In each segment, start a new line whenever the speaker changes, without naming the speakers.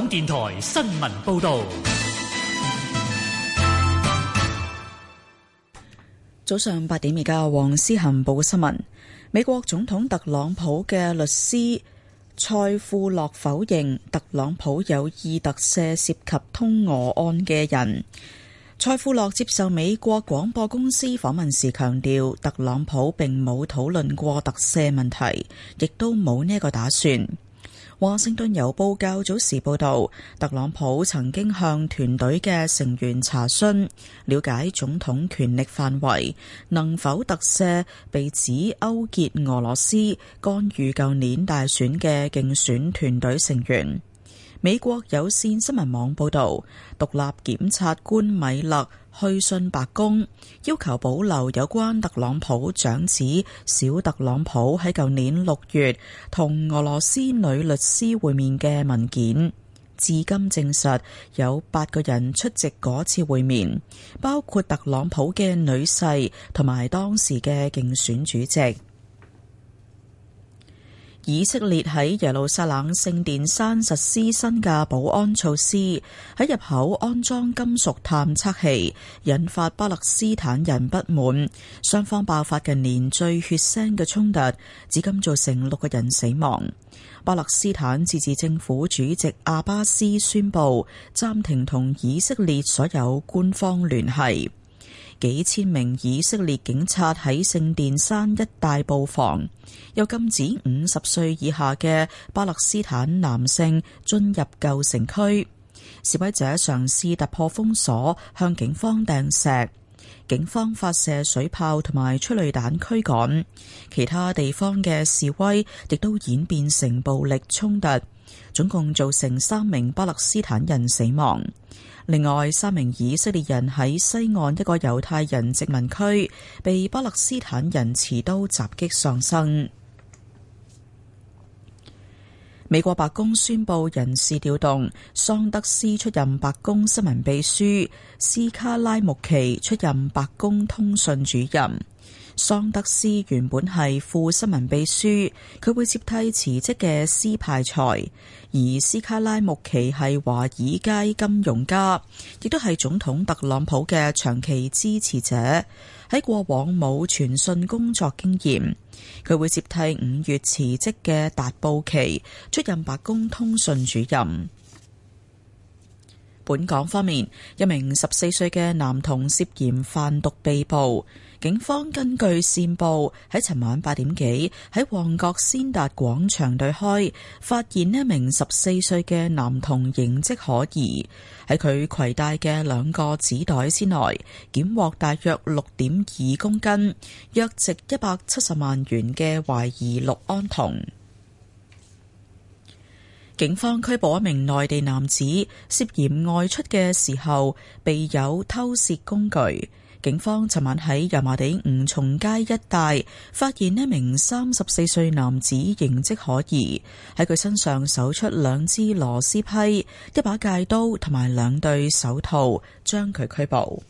港電台新聞報道：早上八點，而家，黃思恆報嘅新聞。美國總統特朗普嘅律師蔡富洛否認特朗普有意特赦涉及通俄案嘅人。蔡富洛接受美國廣播公司訪問時強調，特朗普並冇討論過特赦問題，亦都冇呢個打算。《華盛頓郵報》較早時報導，特朗普曾經向團隊嘅成員查詢，了解總統權力範圍能否特赦被指勾結俄羅斯干預舊年大選嘅競選團隊成員。美國有線新聞網報導，獨立檢察官米勒去信白宮，要求保留有關特朗普長子小特朗普喺舊年六月同俄羅斯女律師會面嘅文件。至今證實有八個人出席嗰次會面，包括特朗普嘅女婿同埋當時嘅競選主席。以色列喺耶路撒冷聖殿山實施新嘅保安措施，喺入口安裝金屬探測器，引發巴勒斯坦人不滿，雙方爆發近年最血腥嘅衝突，至今造成六個人死亡。巴勒斯坦自治政府主席阿巴斯宣布暫停同以色列所有官方聯繫。幾千名以色列警察喺聖殿山一帶佈防，又禁止五十歲以下嘅巴勒斯坦男性進入舊城區。示威者嘗試突破封鎖，向警方掟石，警方發射水炮同埋催淚彈驅趕。其他地方嘅示威亦都演變成暴力衝突，總共造成三名巴勒斯坦人死亡。另外，三名以色列人喺西岸一個猶太人殖民區被巴勒斯坦人持刀襲擊喪生。美國白宮宣布人事調動，桑德斯出任白宮新聞秘書，斯卡拉穆奇出任白宮通訊主任。桑德斯原本係副新聞秘書，佢會接替辭職嘅斯派才，而斯卡拉穆奇係華爾街金融家，亦都係總統特朗普嘅長期支持者。喺過往冇傳訊工作經驗，佢會接替五月辭職嘅達布奇，出任白宮通訊主任。本港方面，一名十四歲嘅男童涉嫌販毒被捕。警方根據線報，喺尋晚八點幾喺旺角先達廣場對開，發現一名十四歲嘅男童形跡可疑。喺佢攜帶嘅兩個紙袋之內，檢獲大約六點二公斤、約值一百七十萬元嘅懷疑氯胺酮。警方拘捕一名內地男子，涉嫌外出嘅時候備有偷竊工具。警方尋晚喺油麻地吳松街一帶發現一名三十四歲男子形迹可疑，喺佢身上搜出兩支螺絲批、一把戒刀同埋兩對手套，將佢拘捕。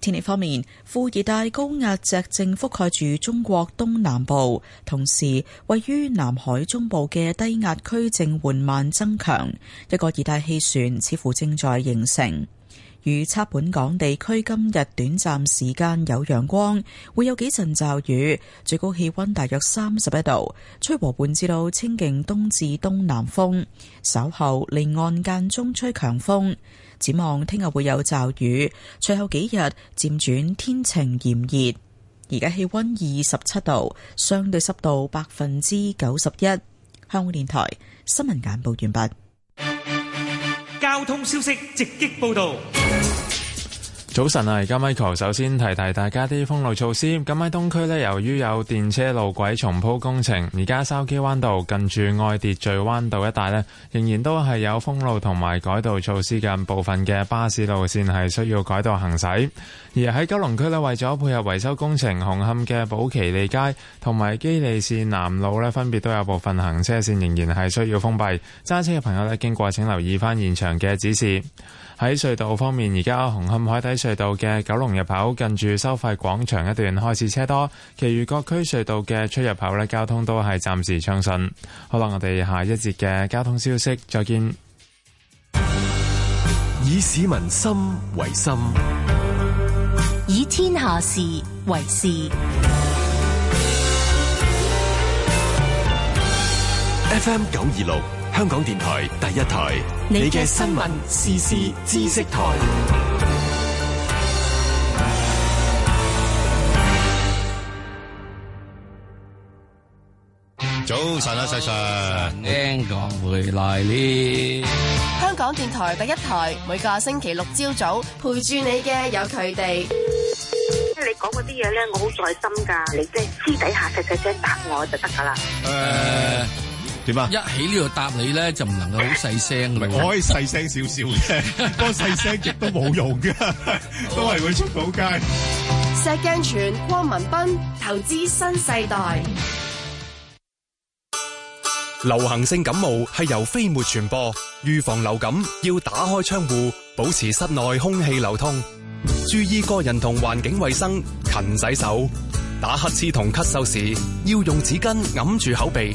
天氣方面，副熱帶高壓脊正覆蓋住中國東南部，同時位於南海中部嘅低壓區正緩慢增強，一個熱帶氣旋似乎正在形成。預測本港地區今日短暫時間有陽光，會有幾陣驟雨，最高氣溫大約三十一度，吹和緩至到清勁東至東南風。稍後離岸間中吹強風，展望聽日會有驟雨，隨後幾日漸轉天晴炎熱。而家氣溫二十七度，相對濕度百分之九十一。香港電台新聞簡報完畢。交通消息直擊
報道。
早晨啊，而家 Michael 首先提提大家啲封路措施。咁喺東區呢，由於有電車路軌重鋪工程，而家筲箕灣道近住愛秩序灣道一帶呢，仍然都係有封路同埋改道措施嘅，部分嘅巴士路線係需要改道行駛。而喺九龍區呢，為咗配合維修工程，紅磡嘅寶奇利街同埋基利士南路呢，分別都有部分行車線仍然係需要封閉。揸車嘅朋友呢，經過請留意翻現場嘅指示。喺隧道方面，而家紅磡海底隧道嘅九龍入口近住收費廣場一段開始車多，其餘各區隧道嘅出入口咧交通都係暫時暢順。好啦，我哋下一節嘅交通消息再見。以市民心為心，以天下事為事。
FM 九二六。香港電台第一台，你嘅新聞時事知識台。早晨安啊，細叔 Hi. 闆，聽講回來啦。
香港電台第一台，每個星期六朝早陪住你嘅有佢哋。你講嗰啲嘢咧，我好在心噶。你即係私底下細細聲答我就得噶啦。
Uh, 點啊，一起呢度答你咧，就唔能夠好細聲嘅。我可以細聲少少嘅，不過細聲
亦都冇用嘅，都係會
出到街。石鏡泉，汪文斌，投資新世代。
流行性感冒係由飛沫傳播，預防流感要打開窗戶，保持室內空氣流通，注意個人同環境衛生，勤洗手。打乞嗤同咳嗽時要用紙巾揞住口鼻。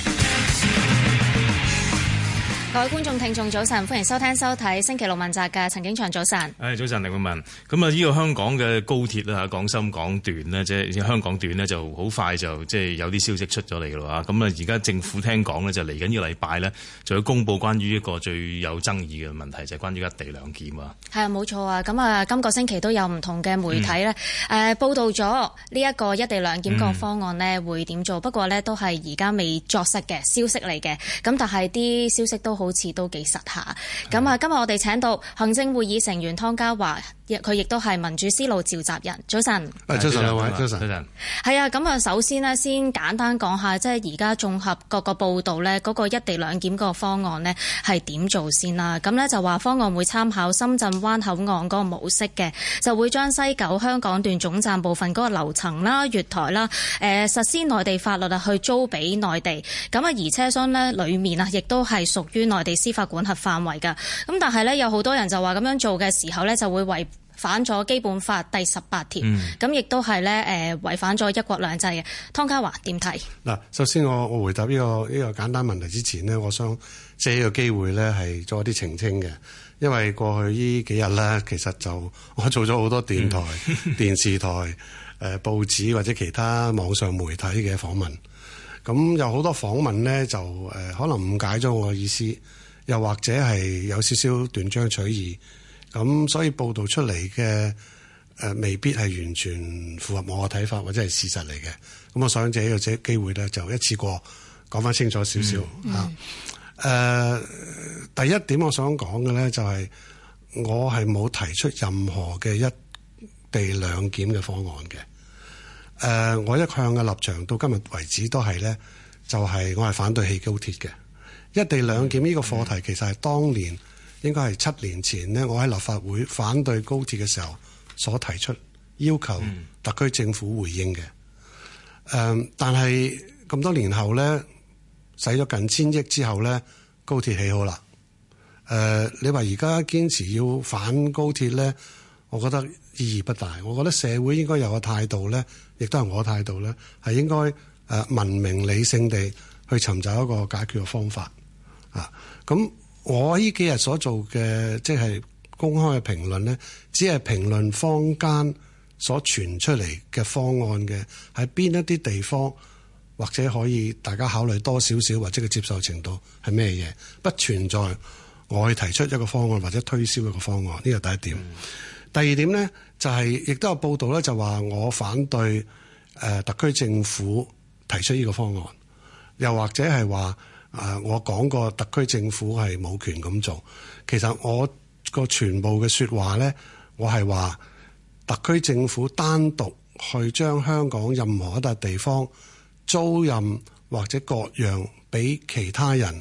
各位觀眾、聽眾，早晨，歡迎收聽、收睇《星期六問責》嘅陳景祥早晨。
誒，早晨，李冠文。咁啊，依個香港嘅高鐵啦，廣深港段咧，即係香港段咧，就好快就即係有啲消息出咗嚟㗎啦。咁啊，而家政府聽講咧，就嚟緊依個禮拜咧，就要公布關於一個最有爭議嘅問題，就係關於一地兩檢啊。
係啊，冇錯啊。咁啊，今個星期都有唔同嘅媒體咧，誒，報道咗呢一個一地兩檢個方案咧，會點做？不過咧，都係而家未作實嘅消息嚟嘅。咁但係啲消息都，好似都幾實下，咁啊的今日我哋請到行政會議成員湯家驊，佢亦都係民主思路召集人。早晨，早晨兩位，早
晨，
早晨。係啊晨，咁啊，首先呢，先簡單講下，即係而家綜合各個報道呢，嗰個一地兩檢個方案呢係點做先啦？咁呢就話方案會參考深圳灣口岸嗰個模式嘅，就會將西九香港段總站部分嗰個樓層啦、月台啦，誒實施內地法律啊，去租俾內地。咁啊，而車廂呢裡面啊，亦都係屬於。內地司法管轄範圍嘅，咁但係咧有好多人就話咁樣做嘅時候咧就會違反咗基本法第十八條，咁亦都係咧誒違反咗一國兩制嘅。湯家驊點睇？
嗱，首先我我回答呢個呢個簡單問題之前呢，我想借呢個機會咧係做一啲澄清嘅，因為過去呢幾日咧其實就我做咗好多電台、嗯、 電視台、誒報紙或者其他網上媒體嘅訪問。咁、嗯、有好多訪問呢，就誒、呃、可能誤解咗我嘅意思，又或者係有少少斷章取義，咁、嗯、所以報道出嚟嘅誒未必係完全符合我嘅睇法，或者係事實嚟嘅。咁我想借呢個這機會咧，就一次過講返清楚少少吓。誒、嗯嗯呃、第一點我想講嘅呢，就係、是、我係冇提出任何嘅一地兩檢嘅方案嘅。誒，uh, 我一向嘅立場到今日為止都係呢，就係、係、我係反對起高鐵嘅一地兩檢呢個課題，其實係當年應該係七年前呢，我喺立法會反對高鐵嘅時候所提出要求特區政府回應嘅。誒、uh,，但係咁多年後呢，使咗近千億之後呢，高鐵起好啦。誒、uh,，你話而家堅持要反高鐵呢？我覺得意義不大。我覺得社會應該有個態度呢，亦都係我態度呢，係應該誒文明理性地去尋找一個解決嘅方法啊。咁我呢幾日所做嘅，即係公開嘅評論呢，只係評論坊間所傳出嚟嘅方案嘅喺邊一啲地方或者可以大家考慮多少少，或者嘅接受程度係咩嘢，不存在我去提出一個方案或者推銷一個方案，呢個第一點。嗯。第二點呢，就係、是、亦都有報道咧，就話我反對誒、呃、特區政府提出呢個方案，又或者係話誒我講過特區政府係冇權咁做。其實我個全部嘅説話呢，我係話特區政府單獨去將香港任何一笪地方租任或者割讓俾其他人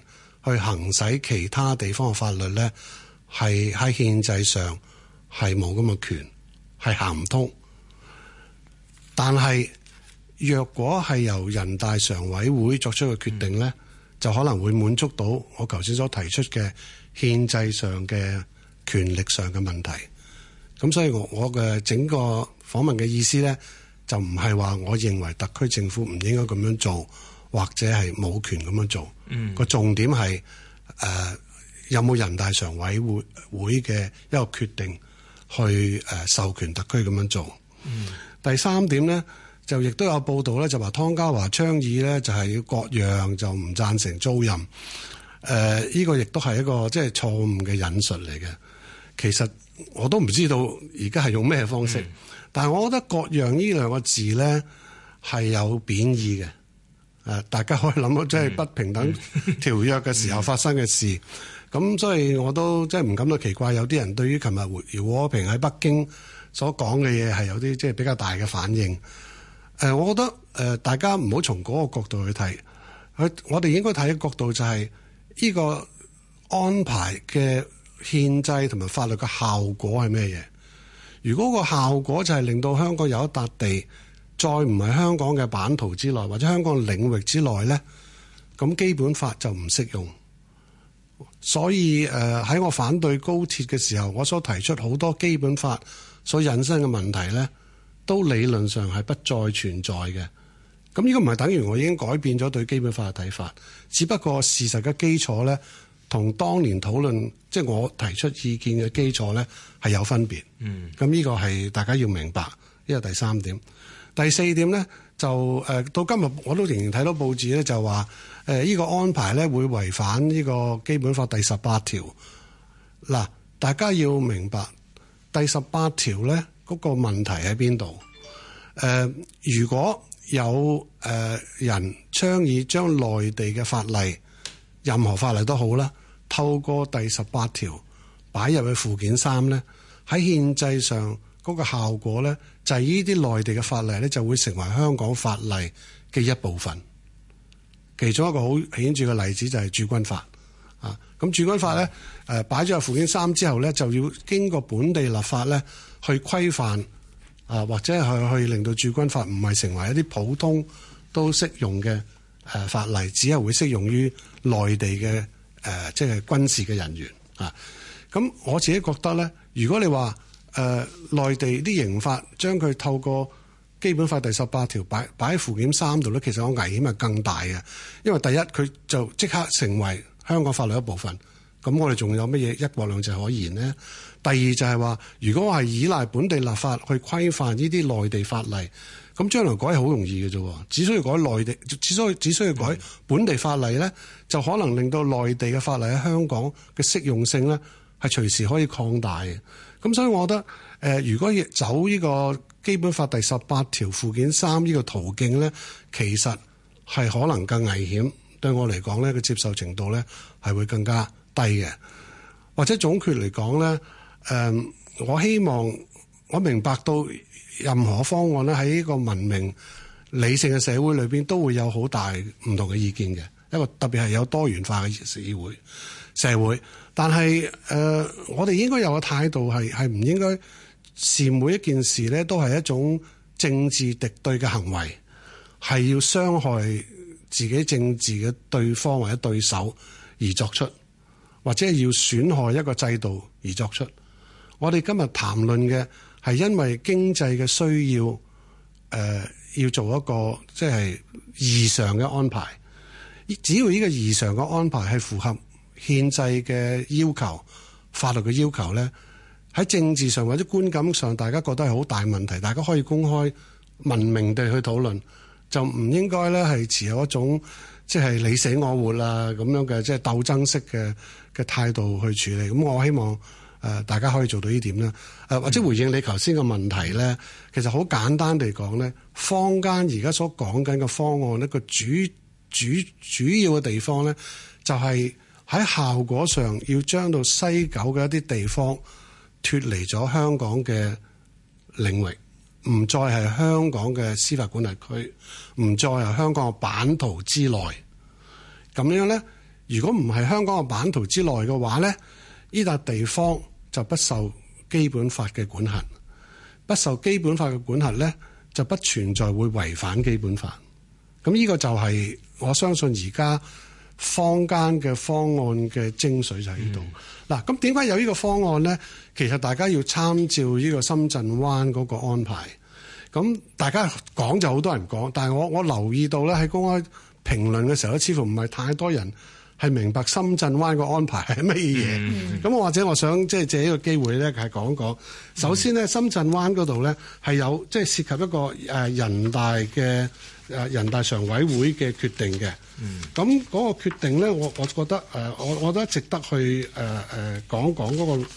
去行使其他地方嘅法律呢，係喺憲制上，係冇咁嘅權，係行唔通。但係若果係由人大常委會作出嘅決定呢，嗯、就可能會滿足到我頭先所提出嘅憲制上嘅權力上嘅問題。咁所以我我嘅整個訪問嘅意思呢，就唔係話我認為特區政府唔應該咁樣做，或者係冇權咁樣做。嗯。個重點係誒、呃、有冇人大常委會會嘅一個決定。去誒授權特區咁樣做。嗯、第三點咧，就亦都有報道咧，就話湯家驊倡議咧，就係、是、要割讓就唔贊成租賃。誒、呃，依、這個亦都係一個即係、就是、錯誤嘅引述嚟嘅。其實我都唔知道而家係用咩方式，嗯、但係我覺得割讓呢兩個字咧係有貶義嘅。誒、呃，大家可以諗到即係不平等條約嘅時候發生嘅事。嗯嗯 咁所以我都即係唔感到奇怪，有啲人對於琴日胡和平喺北京所講嘅嘢係有啲即係比較大嘅反應。誒，我覺得誒大家唔好從嗰個角度去睇，我我哋應該睇嘅角度就係呢個安排嘅憲制同埋法律嘅效果係咩嘢？如果個效果就係令到香港有一笪地再唔係香港嘅版圖之內，或者香港領域之內咧，咁基本法就唔適用。所以誒，喺、呃、我反對高鐵嘅時候，我所提出好多基本法所引申嘅問題呢，都理論上係不再存在嘅。咁呢個唔係等於我已經改變咗對基本法嘅睇法，只不過事實嘅基礎呢，同當年討論即係我提出意見嘅基礎呢，係有分別。嗯，咁呢個係大家要明白。呢個第三點，第四點呢，就誒、呃，到今日我都仍然睇到報紙呢，就話。誒依、呃呢個安排咧會違反呢個基本法第十八條。嗱，大家要明白第十八條呢嗰、呢個問題喺邊度？誒、呃，如果有誒人倡議將內地嘅法例，任何法例都好啦，透過第十八條擺入去附件三呢，喺憲制上嗰、嗰個效果呢，就係呢啲內地嘅法例咧就會成為香港法例嘅一部分。其中一個好顯著嘅例子就係駐軍法啊，咁駐軍法咧，誒、呃、擺咗入附件三之後咧，就要經過本地立法咧去規範啊，或者係去，去令到駐軍法唔係成為一啲普通都適用嘅誒、啊、法例，只係會適用於內地嘅誒、呃、即係軍事嘅人員啊。咁我自己覺得咧，如果你話誒內地啲刑法將佢透過基本法第十八條擺擺喺附件三度咧，其實個危險係更大嘅，因為第一佢就即刻成為香港法律一部分，咁我哋仲有乜嘢一國兩制可言呢？第二就係話，如果我係依賴本地立法去規範呢啲內地法例，咁將來改係好容易嘅啫，只需要改內地，只需要只需要改本地法例呢，就可能令到內地嘅法例喺香港嘅適用性呢，係隨時可以擴大嘅。咁所以我覺得。誒，如果走呢個基本法第十八條附件三呢個途徑呢，其實係可能更危險。對我嚟講呢，個接受程度呢係會更加低嘅。或者總結嚟講呢，誒、嗯，我希望我明白到任何方案呢，喺呢個文明理性嘅社會裏邊都會有好大唔同嘅意見嘅，一個特別係有多元化嘅社會社會。但係誒、呃，我哋應該有個態度係係唔應該。是每一件事咧，都係一種政治敵對嘅行為，係要傷害自己政治嘅對方或者對手而作出，或者要損害一個制度而作出。我哋今日談論嘅係因為經濟嘅需要，誒、呃、要做一個即係異常嘅安排。只要呢個異常嘅安排係符合憲制嘅要求、法律嘅要求咧。喺政治上或者觀感上，大家覺得係好大問題。大家可以公開文明地去討論，就唔應該咧係持有一種即係、就是、你死我活啊咁樣嘅即係鬥爭式嘅嘅態度去處理。咁我希望誒、呃、大家可以做到呢點啦。誒或者回應你頭先嘅問題咧，其實好簡單地講咧，坊間而家所講緊嘅方案咧，一個主主主要嘅地方咧，就係、是、喺效果上要將到西九嘅一啲地方。脫離咗香港嘅領域，唔再係香港嘅司法管轄區，唔再係香港嘅版圖之內。咁樣呢，如果唔係香港嘅版圖之內嘅話呢，呢笪地方就不受基本法嘅管轄，不受基本法嘅管轄呢，就不存在會違反基本法。咁呢個就係、是、我相信而家。坊間嘅方案嘅精髓就喺呢度。嗱、嗯，咁點解有呢個方案呢？其實大家要參照呢個深圳灣嗰個安排。咁大家講就好多人講，但係我我留意到呢，喺公開評論嘅時候似乎唔係太多人係明白深圳灣嘅安排係乜嘢。咁、嗯嗯嗯、或者我想即係借呢個機會呢，係講一講。首先呢，深圳灣嗰度呢，係有即係涉及一個誒人大嘅。誒人大常委會嘅決定嘅，嗯，咁嗰個決定咧，我我覺得誒、呃，我我覺得值得去誒，誒、呃，講講嗰個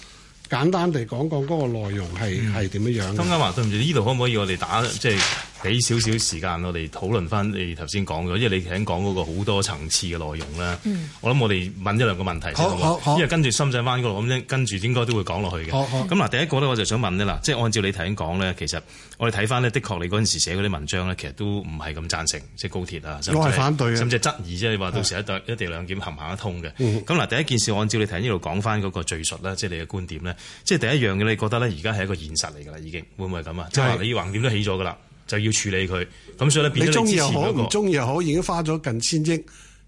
簡單地講講嗰個內容係係點樣樣。湯
家驊，對唔住，呢度可唔可以我哋打即係。俾少少時間，我哋討論翻你頭先講咗，因為你頭先講嗰個好多層次嘅內容啦。嗯、我諗我哋問一兩個問題先，好好好，因為跟住深圳灣嗰度咁跟住應該都會講落去嘅。咁嗱，第一個咧，我就想問啊啦，即係按照你頭先講咧，其實我哋睇翻呢，的確你嗰陣時寫嗰啲文章咧，其實都唔係咁贊成，即係高鐵啊，係咪，係反對甚至係質疑即係話到時一地係一地兩檢行唔行得通嘅。咁嗱係，第一件事按照你頭先呢度講翻嗰個敘述咧，即係你嘅觀點咧，即係第一樣嘅，你覺得咧，而家係一個現實嚟噶啦，已經會唔會咁啊？即係話你橫掂都起咗噶啦。就要處理佢，咁所以你中意又好，唔中
意又好，已經花咗近千億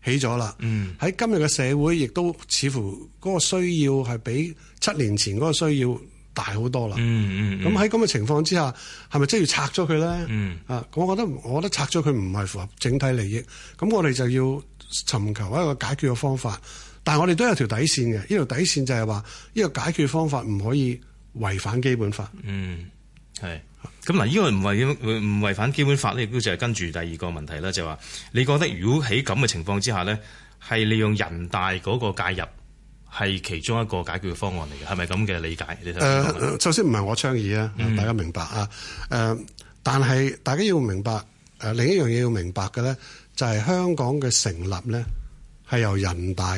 起咗啦。喺、嗯、今日嘅社會，亦都似乎嗰個需要係比七年前嗰個需要大好多啦。咁喺咁嘅情況之下，係咪真係要拆咗佢咧？嗯、啊，我覺得我覺得拆咗佢唔係符合整體利益。咁我哋就要尋求一個解決嘅方法。但係我哋都有條底線嘅，呢條底線就係話呢個解決方法唔可以違反基本法。
嗯，係。咁嗱，呢個唔違唔唔違反基本法呢，亦都就係跟住第二個問題啦，就話、係，你覺得如果喺咁嘅情況之下呢，係利用人大嗰個介入係其中一個解決嘅方案嚟嘅，係咪咁嘅理解？誒、呃，
首先唔係我倡議啊，嗯、大家明白啊。誒，嗯、但係大家要明白誒，另一樣嘢要明白嘅呢，就係香港嘅成立呢，係由人大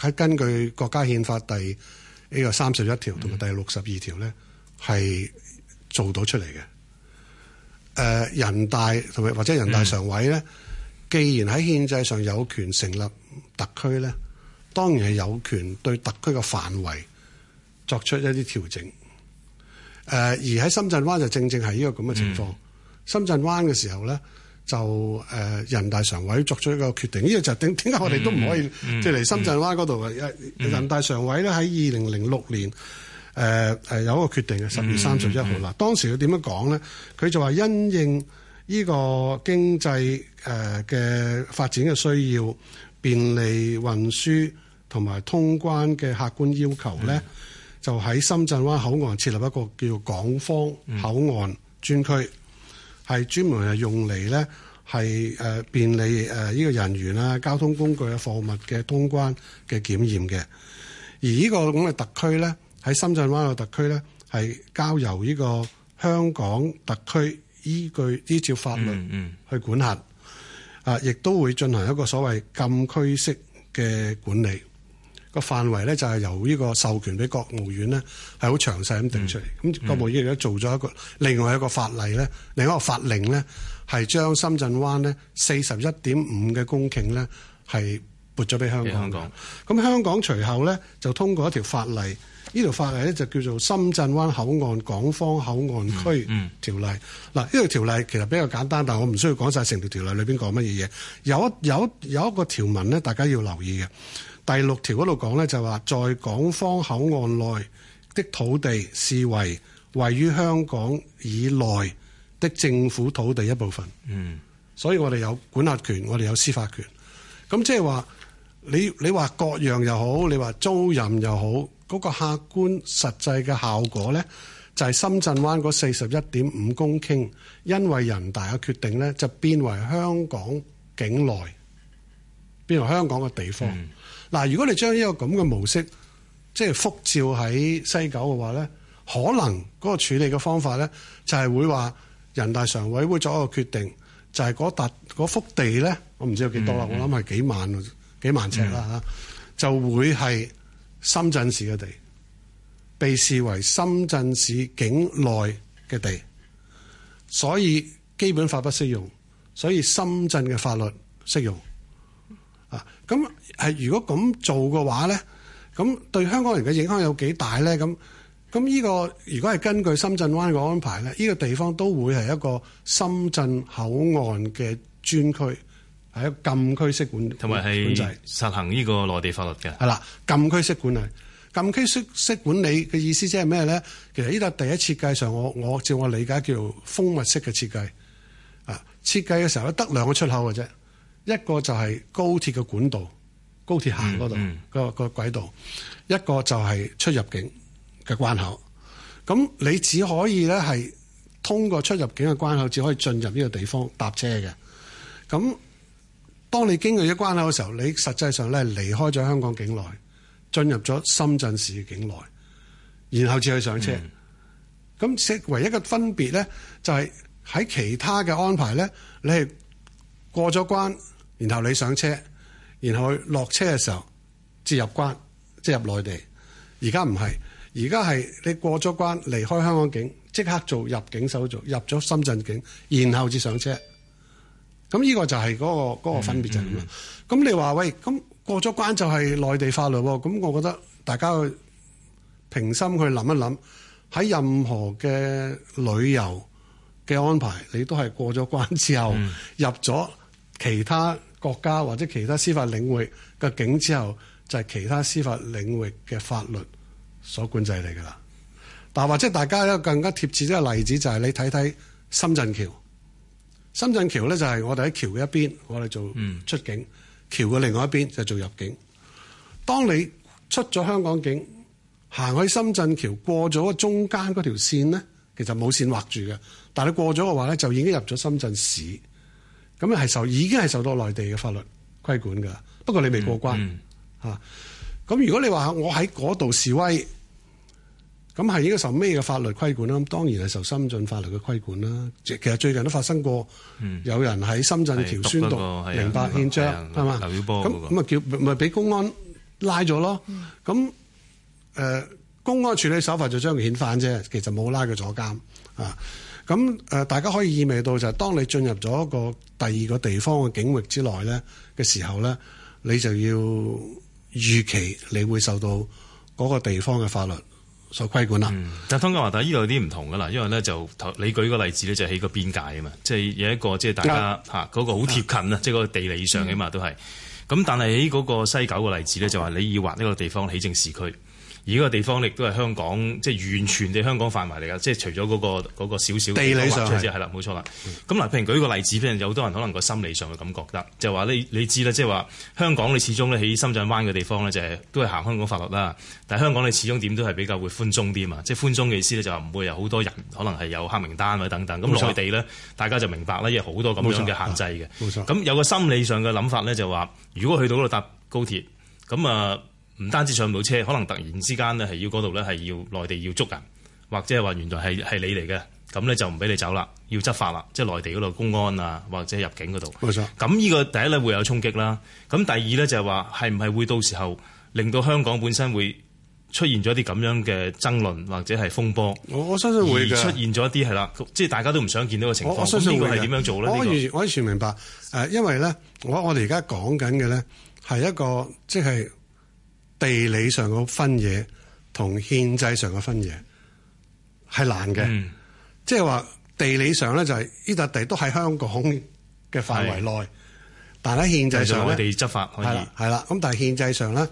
喺根據國家憲法第呢個三十一條同埋第六十二條呢，係。嗯做到出嚟嘅，誒、呃、人大同埋或者人大常委咧，嗯、既然喺憲制上有權成立特區咧，當然係有權對特區嘅範圍作出一啲調整。誒、呃、而喺深圳灣就正正係呢個咁嘅情況，嗯、深圳灣嘅時候咧，就誒、呃、人大常委作出一個決定，呢個就點點解我哋都唔可以即係嚟深圳灣嗰度嘅？嗯嗯、人大常委咧喺二零零六年。誒誒、呃、有一個決定嘅十月三十一號啦。嗯嗯嗯、當時佢點樣講咧？佢就話因應呢個經濟誒嘅發展嘅需要，便利運輸同埋通關嘅客觀要求咧，嗯、就喺深圳灣口岸設立一個叫做港方口岸專區，係專門係用嚟咧係誒便利誒呢個人員啊、交通工具啊、貨物嘅通關嘅檢驗嘅。而這個這呢個咁嘅特區咧。喺深圳灣嘅特區咧，係交由呢個香港特區依據依照法律去管轄、嗯嗯、啊，亦都會進行一個所謂禁區式嘅管理，這個範圍咧，就係、是、由呢個授權俾國務院咧係好詳細咁定出嚟。咁、嗯嗯、國務院亦都做咗一個另外一個法例咧，另外一個法令咧係將深圳灣咧四十一點五嘅公頃咧係撥咗俾香港。咁香，香港隨後咧就通過一條法例。呢條法例咧就叫做《深圳灣口岸港方口岸區條例》嗯。嗱、嗯，呢條條例其實比較簡單，但我唔需要講晒成條條例裏邊講乜嘢嘢。有有有一個條文咧，大家要留意嘅第六條嗰度講咧就係話，在港方口岸內的土地視為位於香港以內的政府土地一部分。嗯，所以我哋有管轄權，我哋有司法權。咁即係話你你話各樣又好，你話租賃又好。嗰個客觀實際嘅效果咧，就係、是、深圳灣嗰四十一點五公頃，因為人大嘅決定咧，就變為香港境內，變為香港嘅地方。嗱、嗯，如果你將呢個咁嘅模式，即係覆照喺西九嘅話咧，可能嗰個處理嘅方法咧，就係、是、會話人大常委會作一個決定，就係嗰笪幅地咧，我唔知有幾多啦，嗯嗯我諗係幾萬幾萬尺啦嚇，嗯嗯就會係。深圳市嘅地，被視為深圳市境內嘅地，所以基本法不適用，所以深圳嘅法律適用。啊，咁係如果咁做嘅話呢，咁對香港人嘅影響有幾大呢？咁咁依個如果係根據深圳灣嘅安排呢，依個地方都會係一個深圳口岸嘅專區。係禁區式管理，同埋係
實行呢個內地法律嘅。係啦，
禁區式管理。禁區式式管理嘅意思即係咩咧？其實呢度第一設計上，我我照我理解叫封密式嘅設計。啊，設計嘅時候咧，得兩個出口嘅啫。一個就係高鐵嘅管道，高鐵行嗰度個個軌道；嗯嗯一個就係出入境嘅關口。咁你只可以咧係通過出入境嘅關口，只可以進入呢個地方搭車嘅。咁當你經過一關口嘅時候，你實際上咧離開咗香港境內，進入咗深圳市嘅境內，然後至去上車。咁只、嗯、唯一嘅分別呢，就係喺其他嘅安排呢，你係過咗關，然後你上車，然後落車嘅時候，至入關，即入內地。而家唔係，而家係你過咗關，離開香港境，即刻做入境手續，入咗深圳境，然後至上車。咁呢個就係嗰、嗰個嗰個分別就係咁啦。咁、嗯嗯、你話喂，咁過咗關就係內地法律喎。咁我覺得大家平心去諗一諗，喺任何嘅旅遊嘅安排，你都係過咗關之後、嗯、入咗其他國家或者其他司法領域嘅境之後，就係、是、其他司法領域嘅法律所管制你嚟噶啦。但或者大家咧更加貼切嘅例子就係你睇睇深圳橋。深圳橋咧就係我哋喺橋嘅一邊，我哋做出境；嗯、橋嘅另外一邊就做入境。當你出咗香港境，行去深圳橋，過咗個中間嗰條線咧，其實冇線畫住嘅。但係你過咗嘅話咧，就已經入咗深圳市，咁樣係受已經係受到內地嘅法律規管嘅。不過你未過關吓。咁、嗯嗯啊、如果你話我喺嗰度示威。咁係應該受咩嘅法律規管啦？咁當然係受深圳法律嘅規管啦。其實最近都發生過，嗯、有人喺深圳條宣讀明白憲章係嘛，劉曉波，咁咁啊，叫唔俾公安拉咗咯。咁誒、嗯呃、公安處理手法就將佢遣返啫，其實冇拉佢坐監啊。咁誒、呃、大家可以意味到就係當你進入咗一個第二個地方嘅境域之內咧嘅時候咧，你就要預期你會受到嗰個地方嘅法律。所規管啦、
嗯，但係香港話題呢度有啲唔同㗎啦，因為咧就你舉個例子咧就喺、是、個邊界啊嘛，即、就、係、是、有一個即係、就是、大家嚇嗰、啊啊那個好貼近啊，即係個地理上啊嘛都係，咁、嗯、但係喺嗰個西九個例子咧、嗯、就話你要劃呢個地方起正市區。而嗰個地方亦都係香港，即係完全地香港範圍嚟噶。即係除咗嗰、那個嗰、那個少少地，地理上係啦，冇錯啦。咁嗱、嗯，譬如舉個例子，譬如有多人可能個心理上嘅感覺得，就話咧，你知啦，即係話香港你始終咧喺深圳灣嘅地方咧、就是，就係都係行香港法律啦。但係香港你始終點都係比較會寬鬆啲嘛，即係寬鬆嘅意思咧，就話唔會有好多人可能係有黑名單或者等等。咁沒錯 內地咧，大家就明白啦，因為好多咁樣嘅限制嘅。冇錯、啊、咁有個心理上嘅諗法咧、就是，就話如果去到嗰度搭高鐵，咁啊。唔單止上唔到車，可能突然之間咧，係要嗰度咧，係要內地要捉人，或者係話原來係係你嚟嘅，咁咧就唔俾你走啦，要執法啦，即係內地嗰度公安啊，或者入境嗰度。冇錯。咁呢個第一咧會有衝擊啦。咁第二咧就係話係唔係會到時候令到香港本身會出現咗啲咁樣嘅爭論或者係風波，
我。我相信會出
現咗一啲係啦，即係大家都唔想見到嘅情況。相信會係點樣做咧？我
完全明白誒，因為咧，我我哋而家講緊嘅咧係一個即係。即地理上嘅分野同憲制上嘅分野係難嘅，嗯、即係話地理上咧就係呢笪地都喺香港嘅範圍內，的但喺是憲制上咧，我哋執法可以啦，係啦。咁但係憲制上咧，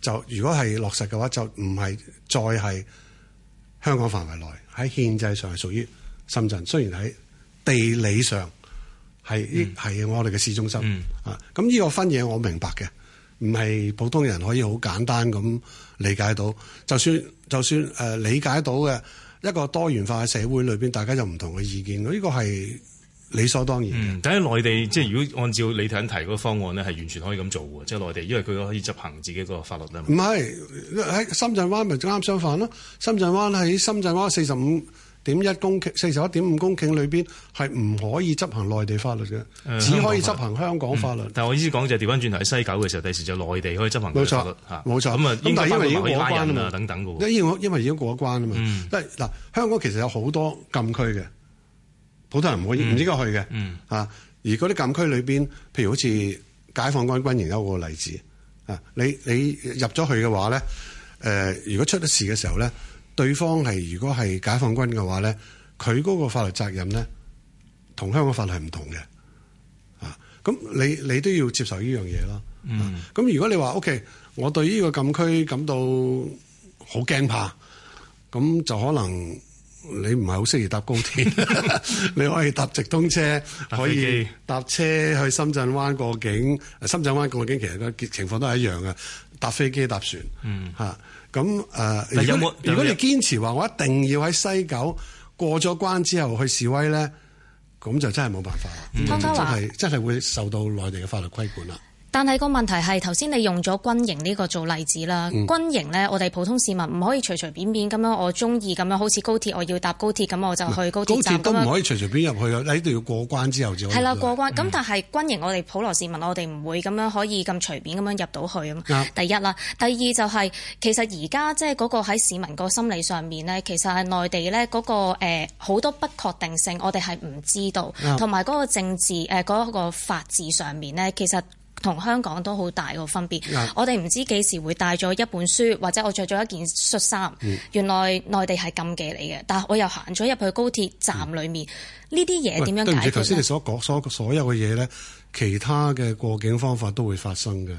就如果係落實嘅話，就唔係再係香港範圍內，喺憲制上係屬於深圳。雖然喺地理上係係、嗯、我哋嘅市中心啊，咁呢、嗯嗯、個分野我明白嘅。唔係普通人可以好簡單咁理解到，就算就算誒、呃、理解到嘅一個多元化嘅社會裏邊，大家有唔同嘅意見，呢、這個係理所當然嘅、
嗯。但喺內地，即係如果按照你頭先提嗰個方案咧，係完全可以咁做嘅，即係內地，因為佢可以執行自己個法律咧。
唔係喺深圳灣咪啱相反咯？深圳灣喺深圳灣四十五點一公頃，四十一點五公頃裏邊係唔可以執行內地法律嘅，嗯、只可以執行香港法律。嗯、
但係我意思講就係調翻轉頭喺西九嘅時候，第時就內地可以執行。冇錯，嚇，冇錯。咁、嗯、啊，但因為已經過關啦，等等嘅
因為已經過咗關啊嘛。嗱、嗯，香港其實有好多禁區嘅，普通人唔可以唔應該去嘅。嚇、嗯，嗯、而啲禁區裏邊，譬如好似解放軍軍營有一個例子啊，你你入咗去嘅話咧，誒、呃，如果出咗事嘅時候咧。呃對方係如果係解放軍嘅話咧，佢嗰個法律責任咧，同香港法律係唔同嘅，啊，咁你你都要接受呢樣嘢咯。啊、嗯，咁如果你話 OK，我對呢個禁區感到好驚怕，咁就可能你唔係好適宜搭高鐵， 你可以搭直通車，可以搭車去深圳灣過境。啊、深圳灣過境其實個情況都係一樣嘅，搭飛機搭船，嗯，嚇。咁誒、呃，如果你堅持話我一定要喺西九過咗關之後去示威咧，咁就真係冇辦法啦，嗯、真係、嗯、真係會受到內地嘅法律規管啦。
但係個問題係，頭先你用咗軍營呢個做例子啦。嗯、軍營咧，我哋普通市民唔可以隨隨便便咁樣，我中意咁樣，好似高鐵，我要搭高鐵咁，我就去高鐵站。高鐵都唔可以
隨隨便入去啊！你一定要過關之後就。係啦，過關。咁、嗯、但
係軍營，我哋普羅市民，我哋唔會咁樣可以咁隨便咁樣入到去啊。第一啦，嗯、第二就係、是、其實而家即係嗰個喺市民個心理上面咧，其實係內地咧、那、嗰個好、呃、多不確定性，我哋係唔知道，同埋嗰個政治誒嗰個法治上面咧，其實。同香港都好大個分別，啊、我哋唔知幾時會帶咗一本書或者我着咗一件恤衫，嗯、原來內地係禁忌你嘅，但我又行咗入去高鐵站裡面，呢啲嘢點樣解決？對頭先你所
講所所有嘅嘢咧，其他嘅過境方法都會發生嘅，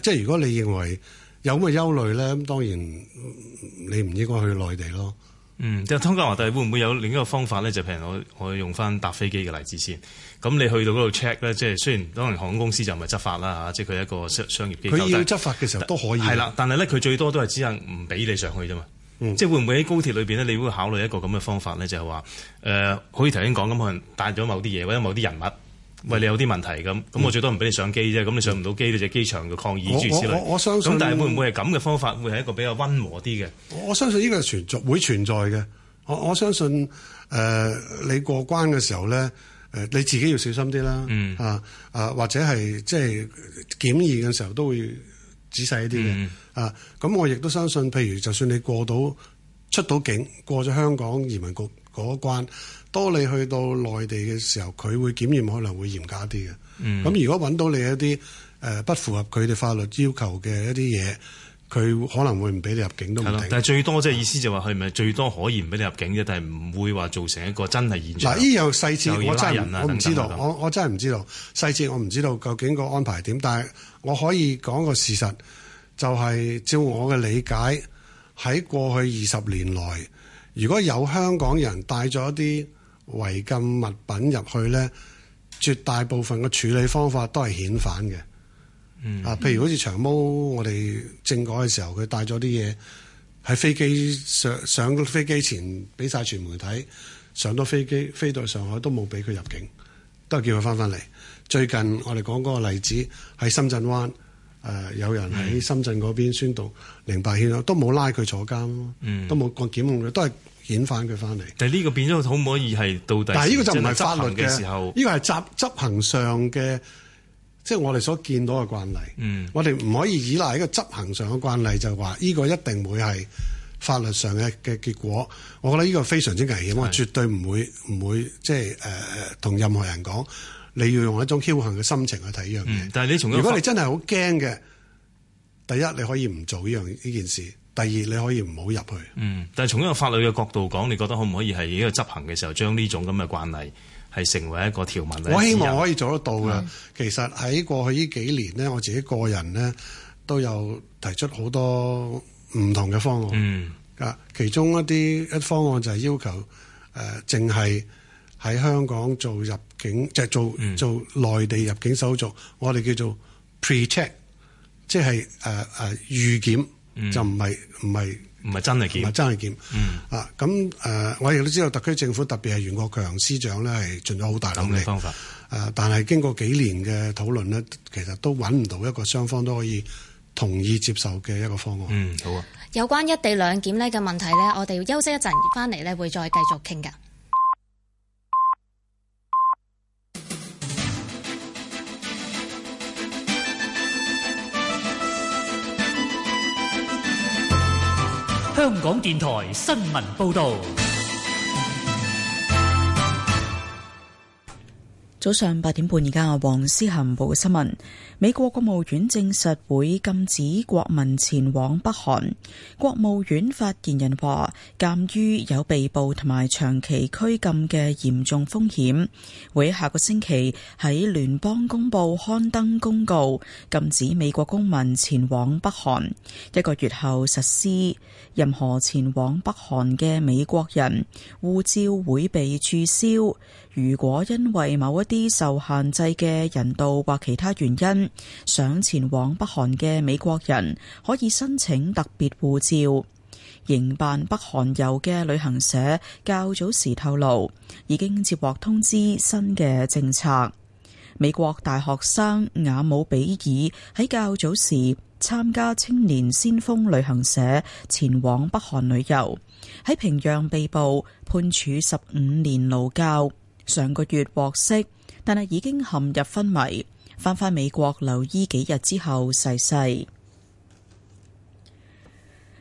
即係如果你認為有咁嘅憂慮咧，咁當然你唔應該去內地咯。
嗯，即、就、係、是、湯家驊，但係會唔會有另一個方法咧？就譬如我我用翻搭飛機嘅例子先，咁你去到嗰度 check 咧，即係雖然當然航空公司就唔係執法啦，即係佢係一個商商業機構。佢要
執法嘅時候都可以。係啦但，
但係咧，佢、嗯、最多都係只能唔俾你上去啫嘛。嗯、即係會唔會喺高鐵裏邊咧，你會考慮一個咁嘅方法咧？就係話誒，好似頭先講咁，可能帶咗某啲嘢或者某啲人物。喂，你有啲問題咁，咁、嗯、我最多唔俾你上機啫，咁、嗯、你上唔到機你就、嗯、機場嘅抗議諸如我，我，我相信。但係會唔會係咁嘅方法？會係一個比較溫和啲嘅？
我相信呢個係存續會存在嘅。我我相信誒，你過關嘅時候咧，誒、呃、你自己要小心啲啦。啊、嗯、啊，或者係即係檢驗嘅時候都會仔細一啲嘅。嗯、啊，咁我亦都相信，譬如就算你過到出到境，過咗香港移民局嗰關。多你去到內地嘅時候，佢會檢驗可能會嚴格啲嘅。咁、嗯、如果揾到你一啲誒不符合佢哋法律要求嘅一啲嘢，佢可能會唔俾你入境都唔定。
但係最多即係意思就話係咪最多可以唔俾你入境啫，但係唔會話造成一個真係現象。嗱，呢有細節，我真係我唔知道，等
等我我真係唔知道細節，我唔知道究竟個安排點。但係我可以講個事實，就係、是、照我嘅理解，喺過去二十年內，如果有香港人帶咗一啲，違禁物品入去咧，絕大部分嘅處理方法都係遣返嘅。嗯、啊，譬如好似長毛，我哋政改嘅時候，佢帶咗啲嘢喺飛機上上飛機前俾晒傳媒睇，上到飛機飛到上海都冇俾佢入境，都係叫佢翻翻嚟。最近我哋講嗰個例子，喺深圳灣，誒、呃，有人喺深圳嗰邊宣讀零八憲章都冇拉佢坐監咯，都冇過檢控嘅，都係。都演翻佢翻嚟，
但係呢個變咗，可唔可以係到底？但係呢個就唔係法律嘅時候，呢個
係執執行上嘅，即係我哋所見到嘅慣例。嗯，我哋唔可以依賴一個執行上嘅慣例，就話呢個一定會係法律上嘅嘅結果。我覺得呢個非常之危險，的我絕對唔會唔會即係誒同任何人講，你要用一種僥倖嘅心情去睇呢樣
嘢。但係你如果你
真係好驚嘅，第一你可以唔做呢樣呢件事。第二，你可以唔好入去，嗯，
但係從一個法律嘅角度講，你覺得可唔可以係呢個執行嘅時候，將呢種咁嘅慣例係成為一個條文？我希望可
以做得到噶。嗯、其實喺過去呢幾年咧，我自己個人咧都有提出好多唔同嘅方案，嗯啊，其中一啲一方案就係要求誒淨係喺香港做入境，即係做做內地入境手續，嗯、我哋叫做 pre-check，即係誒誒預檢。就唔係唔係唔係真係檢，唔係真係檢。嗯啊，咁誒、呃，我亦都知道特區政府特別係袁國強司長呢係盡咗好大努力。嗯、方法。誒、呃，但係經過幾年嘅討論呢，其實都揾唔到一個雙方都可以同意接受嘅一個方案。嗯，好
啊。有關一地兩檢呢嘅問題呢，我哋要休息一陣，翻嚟呢會再繼續傾㗎。
香港電台新聞報道。
早上八點半，而家黃思恒報嘅新聞。美國國務院證實會禁止國民前往北韓。國務院發言人話，鑑於有被捕同埋長期拘禁嘅嚴重風險，會喺下個星期喺聯邦公報刊登公告，禁止美國公民前往北韓。一個月後實施，任何前往北韓嘅美國人護照會被注銷。如果因為某一啲受限制嘅人道或其他原因，想前往北韓嘅美國人，可以申請特別護照。營辦北韓遊嘅旅行社較早時透露，已經接獲通知新嘅政策。美國大學生雅姆比爾喺較早時參加青年先鋒旅行社前往北韓旅遊，喺平壤被捕，判處十五年勞教。上個月獲釋，但係已經陷入昏迷。翻返美國留醫幾日之後逝世，世。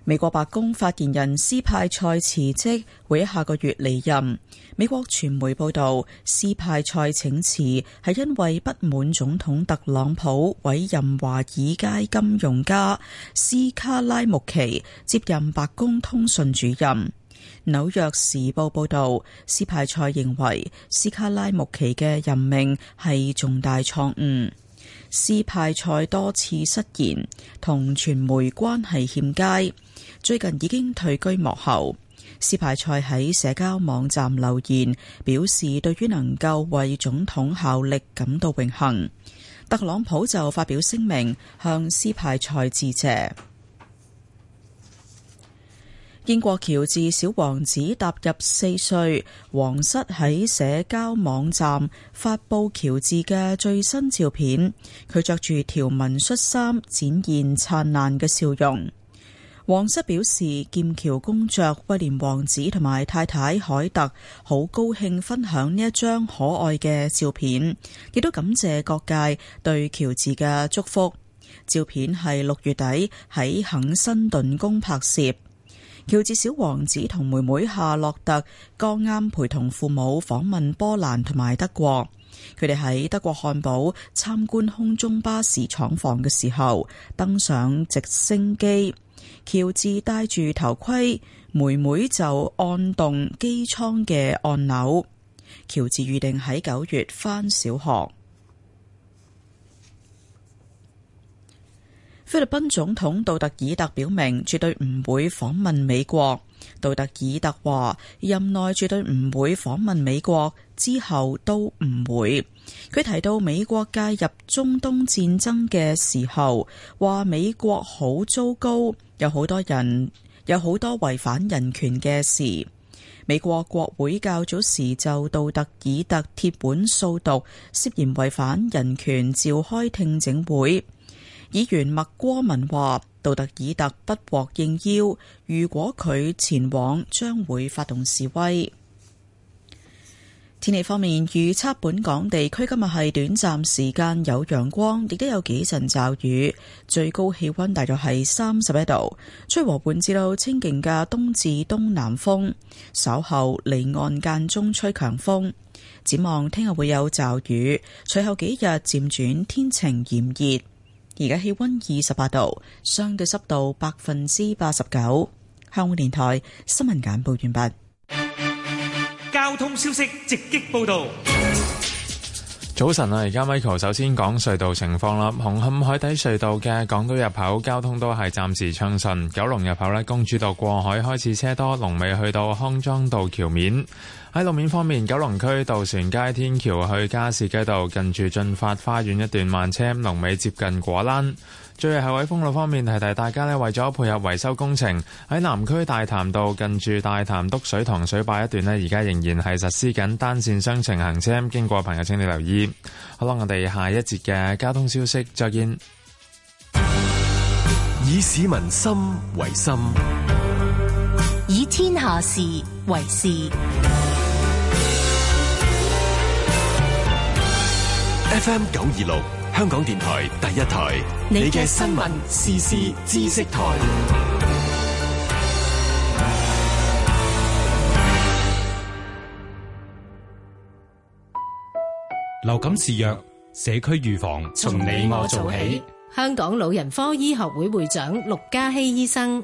美國白宮發言人斯派塞辭職，會喺下個月離任。美國傳媒報道，斯派塞請辭係因為不滿總統特朗普委任華爾街金融家斯卡拉穆奇接任白宮通訊主任。紐約時報報道，斯派塞認為斯卡拉木奇嘅任命係重大錯誤，斯派塞多次失言，同傳媒關係欠佳，最近已經退居幕後，斯派塞喺社交網站留言表示，對於能夠為總統效力感到榮幸。特朗普就發表聲明向斯派塞致謝。英國喬治小王子踏入四歲，皇室喺社交網站發佈喬治嘅最新照片。佢着住條紋恤衫，展現燦爛嘅笑容。皇室表示，劍橋公爵威廉王子同埋太太凱特好高興分享呢一張可愛嘅照片，亦都感謝各界對喬治嘅祝福。照片係六月底喺肯辛頓宮拍攝。喬治小王子同妹妹夏洛特剛啱陪同父母訪問波蘭同埋德國，佢哋喺德國漢堡參觀空中巴士廠房嘅時候登上直升機。喬治戴住頭盔，妹妹就按動機艙嘅按鈕。喬治預定喺九月返小學。菲律賓總統杜特爾特表明絕對唔會訪問美國。杜特爾特話，任內絕對唔會訪問美國，之後都唔會。佢提到美國介入中東戰爭嘅時候，話美國好糟糕，有好多人，有好多違反人權嘅事。美國國會較早時就杜特爾特鐵本掃毒，涉嫌違反人權，召開聽證會。議員麥國文話：杜特爾特不獲應邀，如果佢前往，將會發動示威。天氣方面，預測本港地區今日係短暫時間有陽光，亦都有幾陣驟雨，最高氣溫大約係三十一度，吹和緩至到清勁嘅東至東南風。稍後離岸間中吹強風，展望聽日會有驟雨，隨後幾日漸轉天晴炎熱。而家氣溫二十八度，相對濕度百分之八十九。香港電台新聞簡報完畢。
交通消息直擊報道。
早晨啊，而家 Michael
首先講隧道情況啦。紅磡海底隧道嘅港島入口交通都係暫時暢順，九龍入口呢，公主道過海開始車多，龍尾去到康莊道橋面。喺路面方面，九龍區渡船街天橋去加士居道近住駿發花園一段慢車，龍尾接近果欄。最後喺封路方面提提大家咧，為咗配合維修工程，喺南區大潭道近住大潭督水塘水壩一段咧，而家仍然係實施緊單線雙程行車，經過朋友請你留意。好啦，我哋下一節嘅交通消息再見。以市民心為心，
以天下事為事。
FM 九二六，香港電台第一台，你嘅新聞時事知識台。
流感肆虐，社區預防，從你我做起。
香港老人科醫學會會長陸家熙醫生。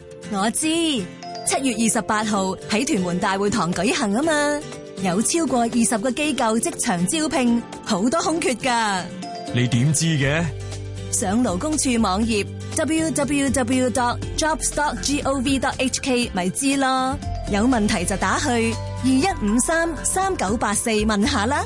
我知七月二十八號喺屯門大會堂舉行啊嘛，有超過二十個機構即場招聘，好多空缺噶。
你點知嘅？
上勞工處網頁 www dot jobs dot gov dot hk 咪知咯，有問題就打去二一五三三九八四問下啦。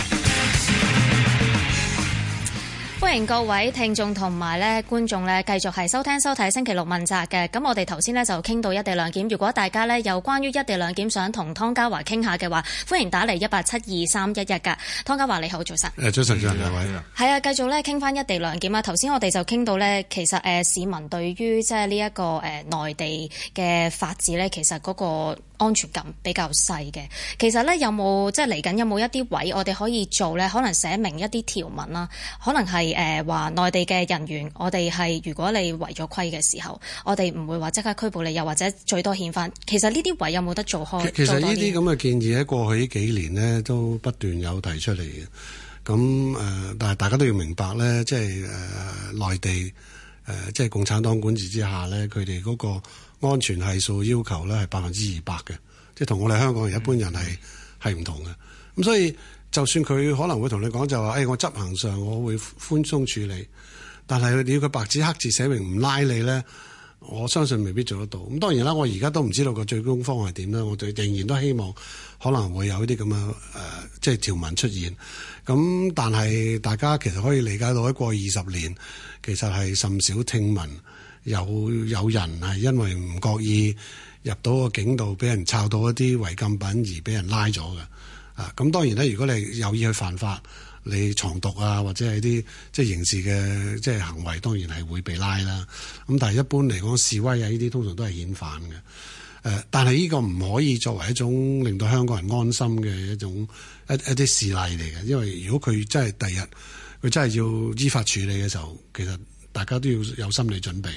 歡迎各位聽眾同埋咧觀眾咧繼續係收聽收睇星期六問責嘅，咁我哋頭先咧就傾到一地兩檢，如果大家咧有關於一地兩檢想同湯家驊傾下嘅話，歡迎打嚟一八七二三一一噶。湯家驊你好，早晨。
早晨上，各位。
係啊位，繼續咧傾翻一地兩檢啊。頭先我哋就傾到咧，其實誒、呃、市民對於即係呢一個誒、呃、內地嘅法治咧，其實嗰個安全感比較細嘅。其實咧有冇即係嚟緊有冇一啲位我哋可以做咧？可能寫明一啲條文啦，可能係。誒，話內地嘅人員，我哋係如果你違咗規嘅時候，我哋唔會話即刻拘捕你，又或者最多遣返。其實呢啲位有冇得做開？其實呢啲咁
嘅建議喺過去呢幾年呢都不斷有提出嚟嘅。咁誒，但係大家都要明白呢，即係誒內地誒，即係共產黨管治之下呢，佢哋嗰個安全係數要求呢係百分之二百嘅，即係同我哋香港人一般人係係唔同嘅。咁所以。就算佢可能會同你講就話，誒我執行上我會寬鬆處理，但係你要佢白紙黑字寫明唔拉你呢，我相信未必做得到。咁當然啦，我而家都唔知道個最終方案係點啦，我哋仍然都希望可能會有一啲咁嘅誒即係條文出現。咁但係大家其實可以理解到，喺過二十年其實係甚少聽聞有有人係因為唔覺意入到個境度，俾人抄到一啲違禁品而俾人拉咗嘅。咁、啊、當然咧，如果你有意去犯法，你藏毒啊，或者係啲即係刑事嘅即係行為，當然係會被拉啦。咁但係一般嚟講，示威啊呢啲通常都係遣返嘅。誒、呃，但係呢個唔可以作為一種令到香港人安心嘅一種一一啲示例嚟嘅。因為如果佢真係第日，佢真係要依法處理嘅時候，其實大家都要有心理準備。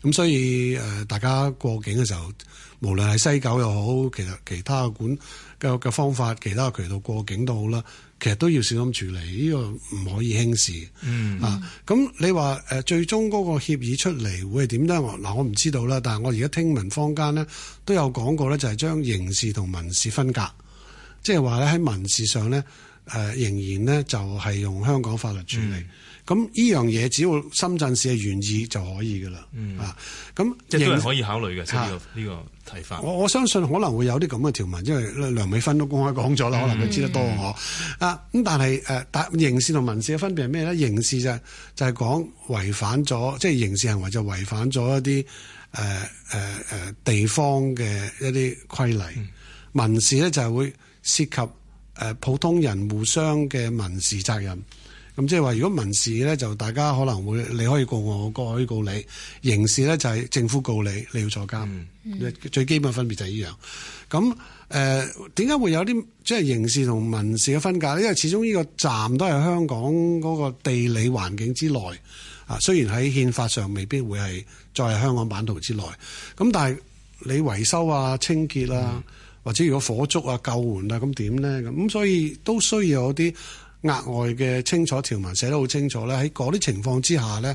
咁、嗯、所以誒、呃，大家過境嘅時候，無論係西九又好，其實其他管，嘅嘅方法，其他渠道過境都好啦，其實都要小心處理，呢、這個唔可以輕視。嗯啊，咁你話誒、呃、最終嗰個協議出嚟會點咧？嗱、嗯，我唔知道啦，但係我而家聽聞坊間咧都有講過咧，就係將刑事同民事分隔，即係話咧喺民事上咧誒、呃，仍然咧就係、是、用香港法律處理。嗯咁呢樣嘢只要深圳市嘅願意就可以噶啦。嗯，啊，咁可以
考慮嘅呢、啊、個提法。我我
相信可能會有啲咁嘅條文，因為梁美芬都公開講咗啦，可能佢知得多我、嗯、啊。咁但係誒、呃，刑事同民事嘅分別係咩咧？刑事就係、就係講違反咗，即、就、係、是、刑事行為就違反咗一啲誒誒誒地方嘅一啲規例。民、嗯嗯、事咧就係會涉及誒普通人互相嘅民事責任。咁即係話，如果民事咧，就大家可能會你可以告我，我可以告你；刑事咧就係政府告你，你要坐監。Mm hmm. 最基本嘅分別就係呢樣。咁誒，點、呃、解會有啲即係刑事同民事嘅分隔咧？因為始終呢個站都係香港嗰個地理環境之內啊。雖然喺憲法上未必會係再係香港版圖之內，咁但係你維修啊、清潔啊，mm hmm. 或者如果火燭啊、救援啊，咁點咧咁？咁所以都需要有啲。額外嘅清楚條文寫得好清楚咧，喺嗰啲情況之下呢，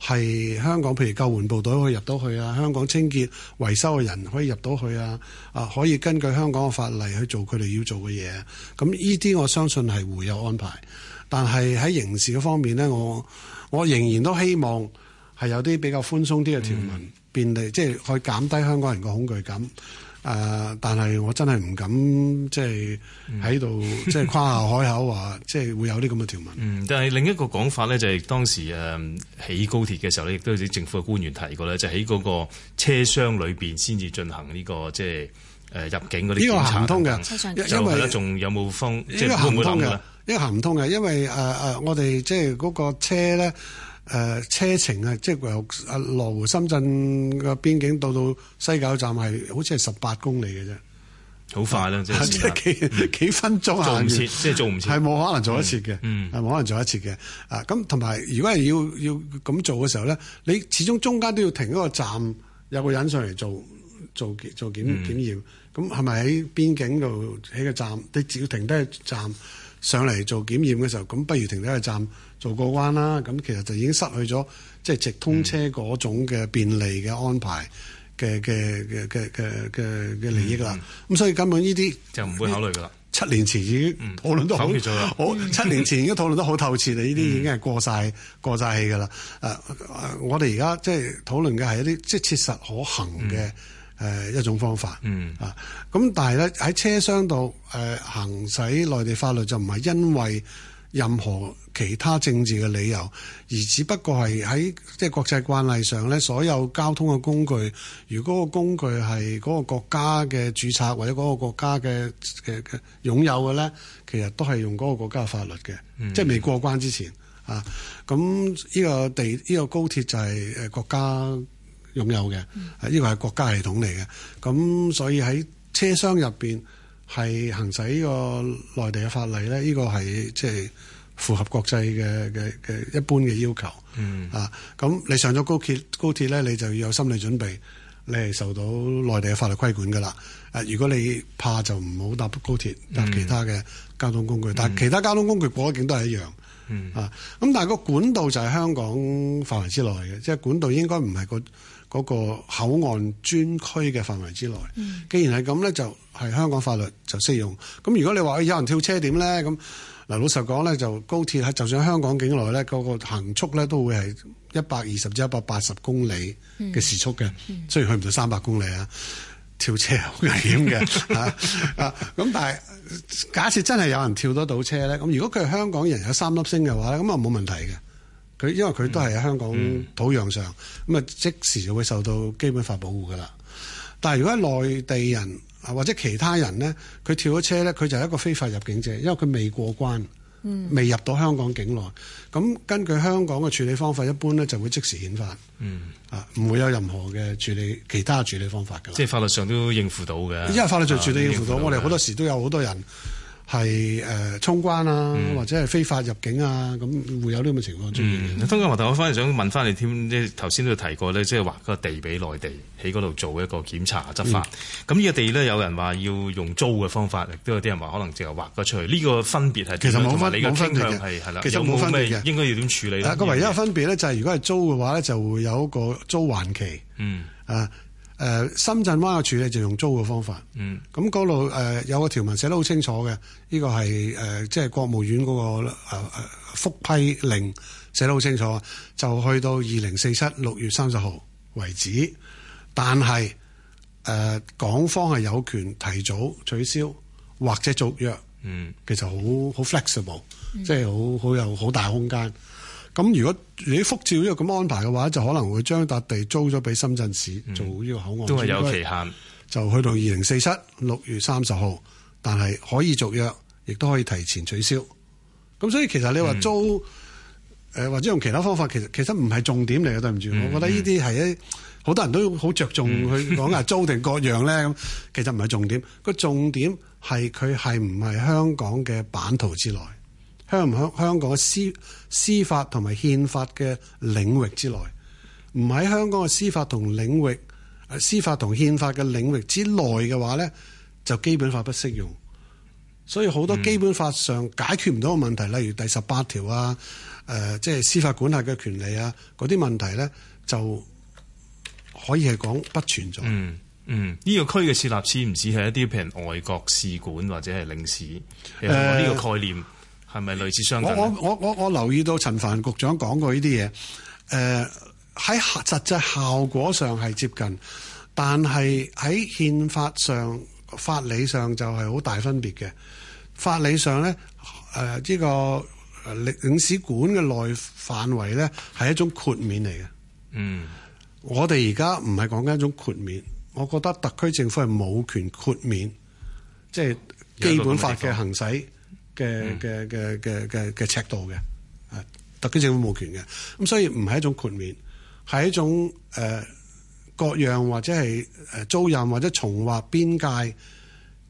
係香港譬如救援部隊可以入到去啊，香港清潔維修嘅人可以入到去啊，啊、呃、可以根據香港嘅法例去做佢哋要做嘅嘢。咁呢啲我相信係會有安排，但係喺刑事方面呢，我我仍然都希望係有啲比較寬鬆啲嘅條文，嗯、便利即係去減低香港人嘅恐懼感。誒、呃，但係我真係唔敢即係喺度即係誇下海口話，即係會有啲咁嘅條文。嗯，
但係另一個講法咧，就係、是、當時誒、嗯、起高鐵嘅時候咧，亦都有啲政府嘅官員提過咧，就喺、是、嗰個車廂裏邊先至進行呢、這個即係誒入境嗰啲檢查呢個行唔通嘅，就因為咧仲有冇方即係行唔通漏嘅？
呢個行唔通嘅，是通因為誒誒、呃，我哋即係嗰、那個車咧。誒、呃、車程啊，即係由啊羅湖深圳嘅邊境到到西九站係好似係十八公里嘅啫，
好快啦、啊，嗯、即係幾、嗯、幾分鐘啊？做唔切，即係做唔切，係冇可能做一次嘅做得切
嘅，係冇、嗯、可能做得切嘅。啊，咁同埋如果係要要咁做嘅時候咧，你始終中間都要停一個站，有個人上嚟做做做檢檢驗。咁係咪喺邊境度起個站？你只要停低個站上嚟做檢驗嘅時候，咁不如停低個站。渡過關啦，咁其實就已經失去咗即係直通車嗰種嘅便利嘅安排嘅嘅嘅嘅嘅嘅嘅利益啦。咁所以根本呢啲
就唔會考慮㗎喇。
七年前已經討論都好，七年前已經討論得好透徹啦，呢啲已經係過晒過晒氣㗎喇。誒我哋而家即係討論嘅係一啲即係切實可行嘅誒一種方法。嗯啊，咁但係咧喺車廂度誒行使內地法律就唔係因為任何其他政治嘅理由，而只不過係喺即係國際慣例上咧，所有交通嘅工具，如果個工具係嗰個國家嘅註冊或者嗰個國家嘅嘅擁有嘅咧，其實都係用嗰個國家法律嘅，嗯、即係未過關之前啊。咁呢個地呢個高鐵就係誒國家擁有嘅，啊，呢個係、這個國，嗯、國家系統嚟嘅。咁所以喺車廂入邊。係行使呢個內地嘅法例咧，呢、呢個係即係符合國際嘅嘅嘅一般嘅要求。嗯啊，咁你上咗高鐵，高鐵咧你就要有心理準備，你係受到內地嘅法律規管㗎喇。誒、啊，如果你怕就唔好搭高鐵，搭其他嘅交通工具。嗯、但係其他交通工具過境都係一樣。嗯、啊，咁但係個管道就係香港範圍之內嘅，即係管道應該唔係個。嗰個口岸專區嘅範圍之內，嗯、既然係咁呢，就係、係、香港法律就適用。咁如果你話有人跳車點呢？咁，嗱老實講呢，就高鐵喺就算香港境內呢，嗰個行速呢都會係一百二十至一百八十公里嘅時速嘅，嗯嗯、雖然去唔到三百公里啊。跳車好危險嘅嚇，咁但係假設真係有人跳得到車呢，咁如果佢係香港人有三粒星嘅話呢，咁啊冇問題嘅。佢因為佢都係喺香港土壤上，咁啊、嗯、即時就會受到基本法保護㗎喇。但係如果係內地人或者其他人咧，佢跳咗車咧，佢就係一個非法入境者，因為佢未過關，嗯、未入到香港境內。咁根據香港嘅處理方法，一般咧就會即時遣返。嗯，啊，唔會有任何嘅處理其他處理方法㗎。即
係法律上都應付到嘅。因為法律上處理應付到，嗯、付到我哋好多
時都有好多人。係誒，衝關啊，或者係非法入境啊，咁會有呢個情況出現。湯
家驊，我反而想問翻你添，即係頭先都提過咧，即係劃嗰個地俾內地喺嗰度做一個檢查執法。咁呢、嗯、個地咧，有人話要用租嘅方法，亦都有啲人話可能淨係劃咗出去。呢、呢個分別係其實冇分冇分別嘅，其實冇分別嘅，有有應該要點處理？但、啊嗰個唯一
分別咧就係如果係租嘅話咧，就會有一個租還期。嗯啊。.誒、呃、深圳灣嘅處理就用租嘅方法，咁嗰度誒有個條文寫得好清楚嘅，呢、這個係誒、呃、即係國務院嗰、那個誒、呃、復批令寫得好清楚，就去到二零四七六月三十號為止，但係誒、呃、港方係有權提早取消或者續約，嗯，其實好好 flexible、嗯、即係好好有好大空間。咁如果你復照呢個咁安排嘅話，就可能會將笪地租咗俾深圳市、嗯、做呢個口岸。都係有期限，就去到二零四七六月三十號，但係可以續約，亦都可以提前取消。咁所以其實你話租，誒、嗯呃、或者用其他方法，其實其實唔係重點嚟嘅。對唔住，嗯、我覺得呢啲係一好多人都好着重去講啊租定各樣咧。咁、嗯、 其實唔係重點，個重點係佢係唔係香港嘅版圖之內。喺香港嘅司司法同埋憲法嘅領域之內，唔喺香港嘅司法同領域、司法同憲法嘅領域之內嘅話咧，就基本法不適用。所以好多基本法上解決唔到嘅問題，例如第十八條啊，誒、呃，即係司法管轄嘅權利啊，嗰啲問題咧，就可以係講不存在。嗯，呢、
嗯呢個區嘅設立，似唔似係一啲譬如外國使館或者係領事呢個概念、呃？係咪類似相近？我我
我我我留意到陳凡局長講過呢啲嘢，誒、呃、喺實際效果上係接近，但係喺憲法上、法理上就係好大分別嘅。法理上咧，誒、呃、呢、呢個領領事館嘅內範圍咧，係一種豁免嚟嘅。嗯，我哋而家唔係講緊一種豁免，我覺得特區政府係冇權豁免，即係基本法嘅行使。嗯嗯嘅嘅嘅嘅嘅嘅尺度嘅，啊、嗯，特區政府冇權嘅，咁、嗯、所以唔係一種豁免，係一種誒、呃、各樣或者係誒租賃或者重劃邊界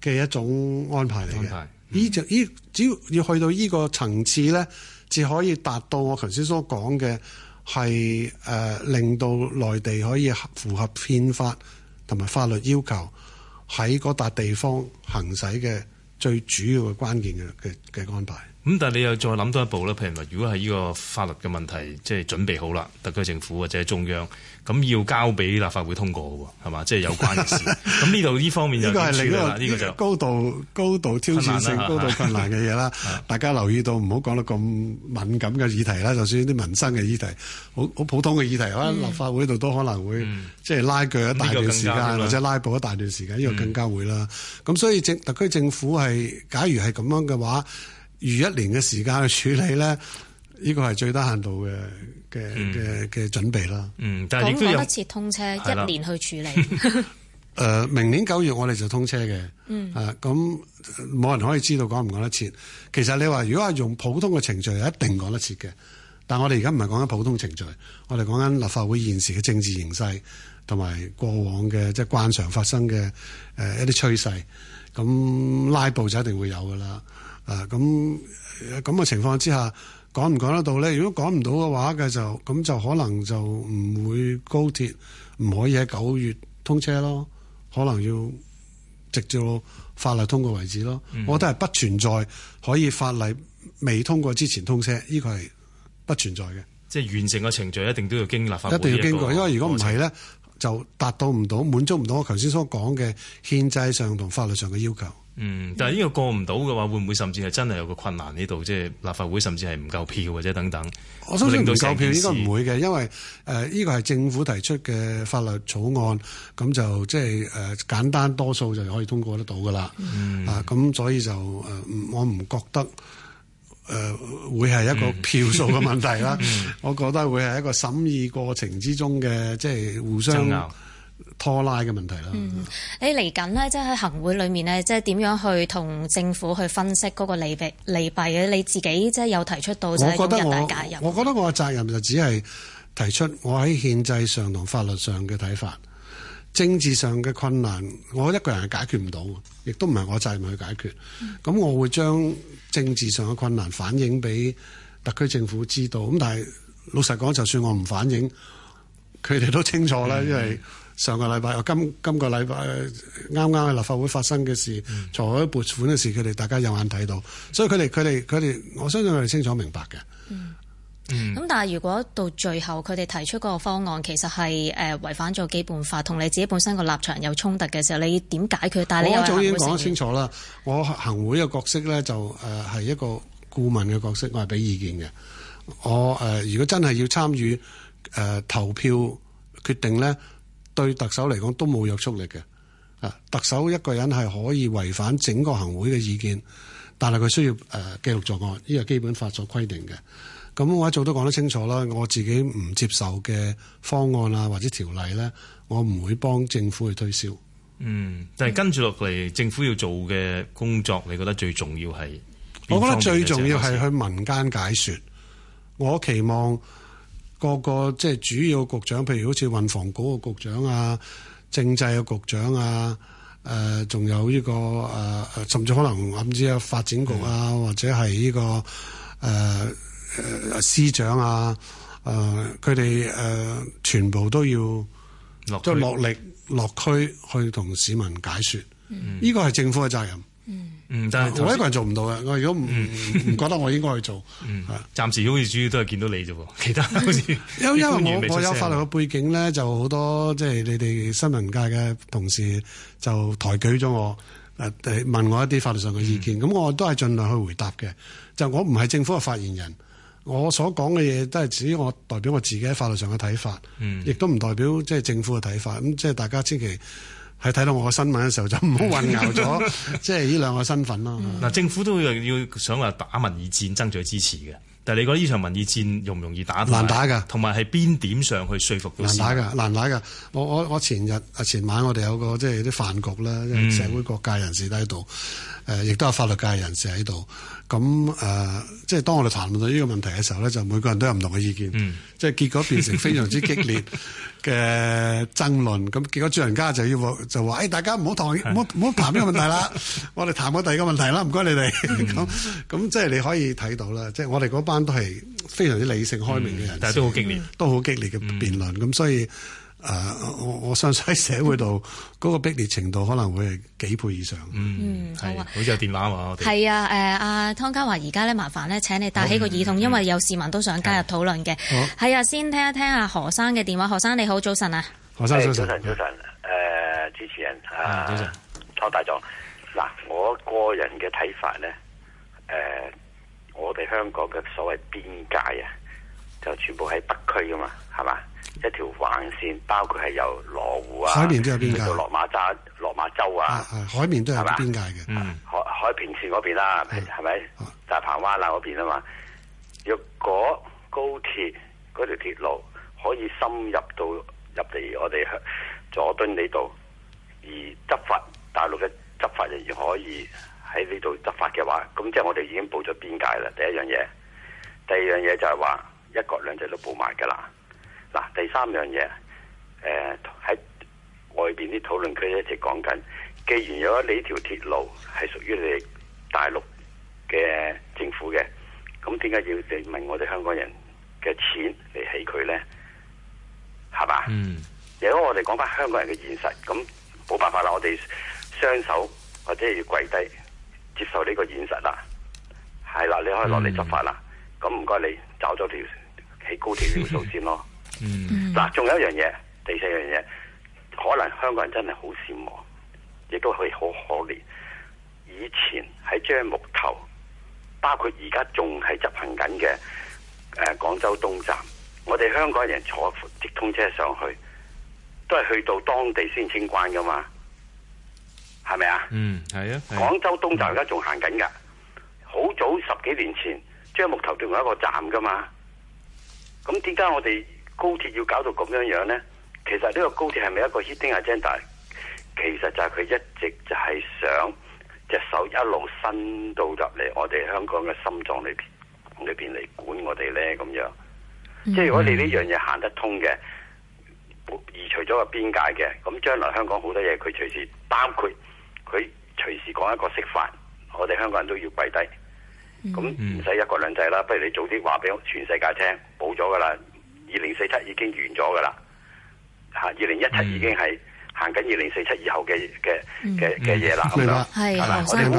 嘅一種安排嚟嘅。呢只呢只要只要去到呢個層次咧，至可以達到我頭先所講嘅係誒令到內地可以符合憲法同埋法律要求喺嗰笪地方行使嘅。最主要嘅關鍵嘅嘅嘅安排。
咁但係你又再諗多一步啦。譬如話，如果係呢個法律嘅問題，即係準備好啦，特區政府或者中央，咁要交俾立法會通過嘅喎，係嘛？即、就、係、是、有關嘅事。咁呢度呢方面，呢個係另一個
高度，個高、度高度挑戰性、啊、高度困難嘅嘢啦。 大家留意到，唔好講到咁敏感嘅議題啦。就算啲民生嘅議題，好好普通嘅議題，喺、嗯、立法會度都可能會、嗯、即係拉鋸一大段時間，嗯這個、或者拉布一大段時間，呢、這個更加會啦。咁、嗯、所以政特區政府係，假如係咁樣嘅話。預一年嘅時間去處理咧，呢個係最低限度嘅嘅嘅嘅準備啦。嗯，趕唔趕得切
通車，的一年去處理。誒 、
呃，明年九月我哋就通車嘅。嗯。誒、啊，咁冇人可以知道趕唔趕得切。其實你話如果係用普通嘅程序，一定趕得切嘅。但係我哋而家唔係講緊普通程序，我哋講緊立法會現時嘅政治形勢同埋過往嘅即係慣常發生嘅誒、呃、一啲趨勢。咁、嗯、拉布就一定會有噶啦。啊，咁咁嘅情況之下，講唔講得到呢？如果講唔到嘅話嘅就，咁就可能就唔會高鐵，唔可以喺九月通車咯，可能要直接到法例通過為止咯。嗯、我覺得係不存在可以法例未通過之前通車，呢個係不存在嘅。
即係完成嘅程序，一定都要經立法。一定要經過，因為如果唔係
呢，度就達到唔到，滿足唔到我頭先所講嘅憲制上同法律上嘅要求。
嗯，但係呢個過唔到嘅話，會唔會甚至係真係有個困難呢度？即係立法會，甚至係唔夠票或者等等。我相信唔夠票應該唔會
嘅，因為誒呢個係政府提出嘅法律草案，咁就即係誒簡單多數就可以通過得到噶啦。嗯、啊，咁所以就誒、呃，我唔覺得誒、呃、會係一個票數嘅問題啦。嗯、 我覺得會係一個審議過程之中嘅，即係互相。拖拉嘅問題啦。嗯，
你嚟緊咧，即係喺行會裏面咧，即係點樣去同政府去分析嗰個利弊利弊咧？你自己即係有提出到，即係用人大介入我我。
我覺得我嘅責任就只係提出我喺憲制上同法律上嘅睇法，政治上嘅困難我一個人係解決唔到，亦都唔係我責任去解決。咁、嗯、我會將政治上嘅困難反映俾特區政府知道。咁但係老實講，就算我唔反映，佢哋都清楚啦，嗯、因為。上個禮拜，又今今個禮拜啱啱喺立法會發生嘅事，財委撥款嘅事，佢哋大家有眼睇到，所以佢哋佢哋佢哋我相信佢哋清楚明白嘅。嗯，
咁、嗯、但係如果到最後佢哋提出個方案，其實係誒、呃、違反咗基本法，同你自己本身個立場有衝突嘅時候，你點解決？但你一早已經講清
楚啦。我行會嘅角色咧、就是，就誒係一個顧問嘅角色，我係俾意見嘅。我誒、呃、如果真係要參與誒、呃、投票決定咧。呢對特首嚟講都冇約束力嘅，啊，特首一個人係可以違反整個行會嘅意見，但係佢需要誒記錄在案，呢個基本法所規定嘅。咁我一早都講得清楚啦，我自己唔接受嘅方案啊，或者條例呢，我唔會幫政府去推銷。嗯，
但係跟住落嚟，嗯、政府要做嘅工作，你覺得最重要係？
我覺得最重要係去民間解說。我期望。個個即係主要局長，譬如好似運房局嘅局長啊、政制嘅局長啊、誒、呃，仲有呢、這個誒、呃，甚至可能我唔知啊，發展局啊，或者係呢、這個誒誒、呃呃、司長啊，誒佢哋誒全部都要落即落力落區去同市民解説，呢個係政府嘅責任。
嗯，但係我一個人
做唔到嘅。我如果唔唔、嗯、覺得我應該去做，嗯，
是暫時好似主要都係見到你啫喎，其他好似。
因 因為我我有法律嘅背景咧，就好多即係、就是、你哋新聞界嘅同事就抬舉咗我，誒問我一啲法律上嘅意見。咁、嗯、我都係盡量去回答嘅。就我唔係政府嘅發言人，我所講嘅嘢都係指我代表我自己喺法律上嘅睇法，亦、嗯、都唔代表即係政府嘅睇法。咁即係大家千祈。係睇到我嘅新聞嘅時候 就唔好混淆咗， 即係呢兩個身份咯。嗱、
嗯啊，政府都要，要想話打民意戰爭取支持嘅。但係你覺得呢場民意戰容唔容易打？難打㗎，同埋係邊點上去說服到？難打㗎，
難打㗎。我我我前日啊，前晚我哋有個即係啲飯局啦，社會各界人士喺度，誒亦都有法律界人士喺度。咁誒，即係當我哋談論到呢個問題嘅時候咧，就每個人都有唔同嘅意見，即係結果變成非常之激烈嘅爭論。咁結果主人家就要就話：誒，大家唔好談唔好唔好談呢個問題啦，我哋談下第二個問題啦。唔該你哋。咁即係你可以睇到啦，即係我哋嗰班。都係非常之理性開明嘅人，但係都好激烈，都好激烈嘅辯論。咁所以，誒，我我相信喺社會度嗰個激烈程度可能會係幾倍以上。嗯，好啊，好似有電話啊，係
啊，誒，阿湯家驊，而家咧麻煩咧，請你帶起個耳筒，因為有市民都想加入討論嘅。好，係啊，先聽一聽阿何生嘅電話。何生你好，早晨啊，何生早
晨早晨，誒，主持人早晨，湯大狀。嗱，我個人嘅睇法咧，誒。我哋香港嘅所謂邊界啊，就全部喺北區㗎嘛，係嘛？一條橫線，包括係由羅湖啊，海面都有邊界嘅，落馬渣落馬洲啊，
海面都有邊界嘅吧、嗯啊。
海海平線嗰邊啦，係咪？大鵬灣啦嗰邊啊嘛。若果高鐵嗰條鐵路可以深入到入嚟我哋佐敦呢度，而執法大陸嘅執法人員可以。喺呢度執法嘅話，咁即係我哋已經保咗邊界啦。第一樣嘢，第二樣嘢就係話一國兩制都保埋㗎啦。嗱，第三樣嘢，誒、呃、喺外邊啲討論區一直講緊，既然有咗你條鐵路係屬於你大陸嘅政府嘅，咁點解要你問我哋香港人嘅錢嚟起佢咧？係嘛？嗯。如果我哋講翻香港人嘅現實，咁冇辦法啦，我哋雙手或者要跪低。接受呢個現實啦，係啦，你可以落嚟執法啦。咁唔該你找咗條起高鐵呢條數先咯。嗱、嗯，仲、啊、有一樣嘢，第四樣嘢，可能香港人真係好羨慕，亦都係好可憐。以前喺樟木頭，包括而家仲係執行緊嘅，誒、呃，廣州東站，我哋香港人坐直通車上去，都係去到當地先清關噶嘛。係咪啊？嗯，係啊。廣、啊、州東站而家仲行緊噶。好、嗯、早十幾年前，將木頭成為一個站噶嘛。咁點解我哋高鐵要搞到咁樣樣咧？其實呢個高鐵係咪一個 hidden agenda？其實就係佢一直就係想隻手一路伸到入嚟我哋香港嘅心臟裏邊，裏邊嚟管我哋咧咁樣。嗯、
即係如果你呢
樣嘢行得通嘅，移除咗個邊界嘅，咁將來香港好多嘢佢隨時包括。佢隨時講一個釋法，我哋香港人都要跪低。咁唔使一國兩制啦，不如你早啲話俾全世界聽，冇咗噶啦。二零四七已經完咗噶啦，嚇！二零一七已經係行緊二零四七以後嘅嘅嘅嘅嘢啦。咁樣係啊，學生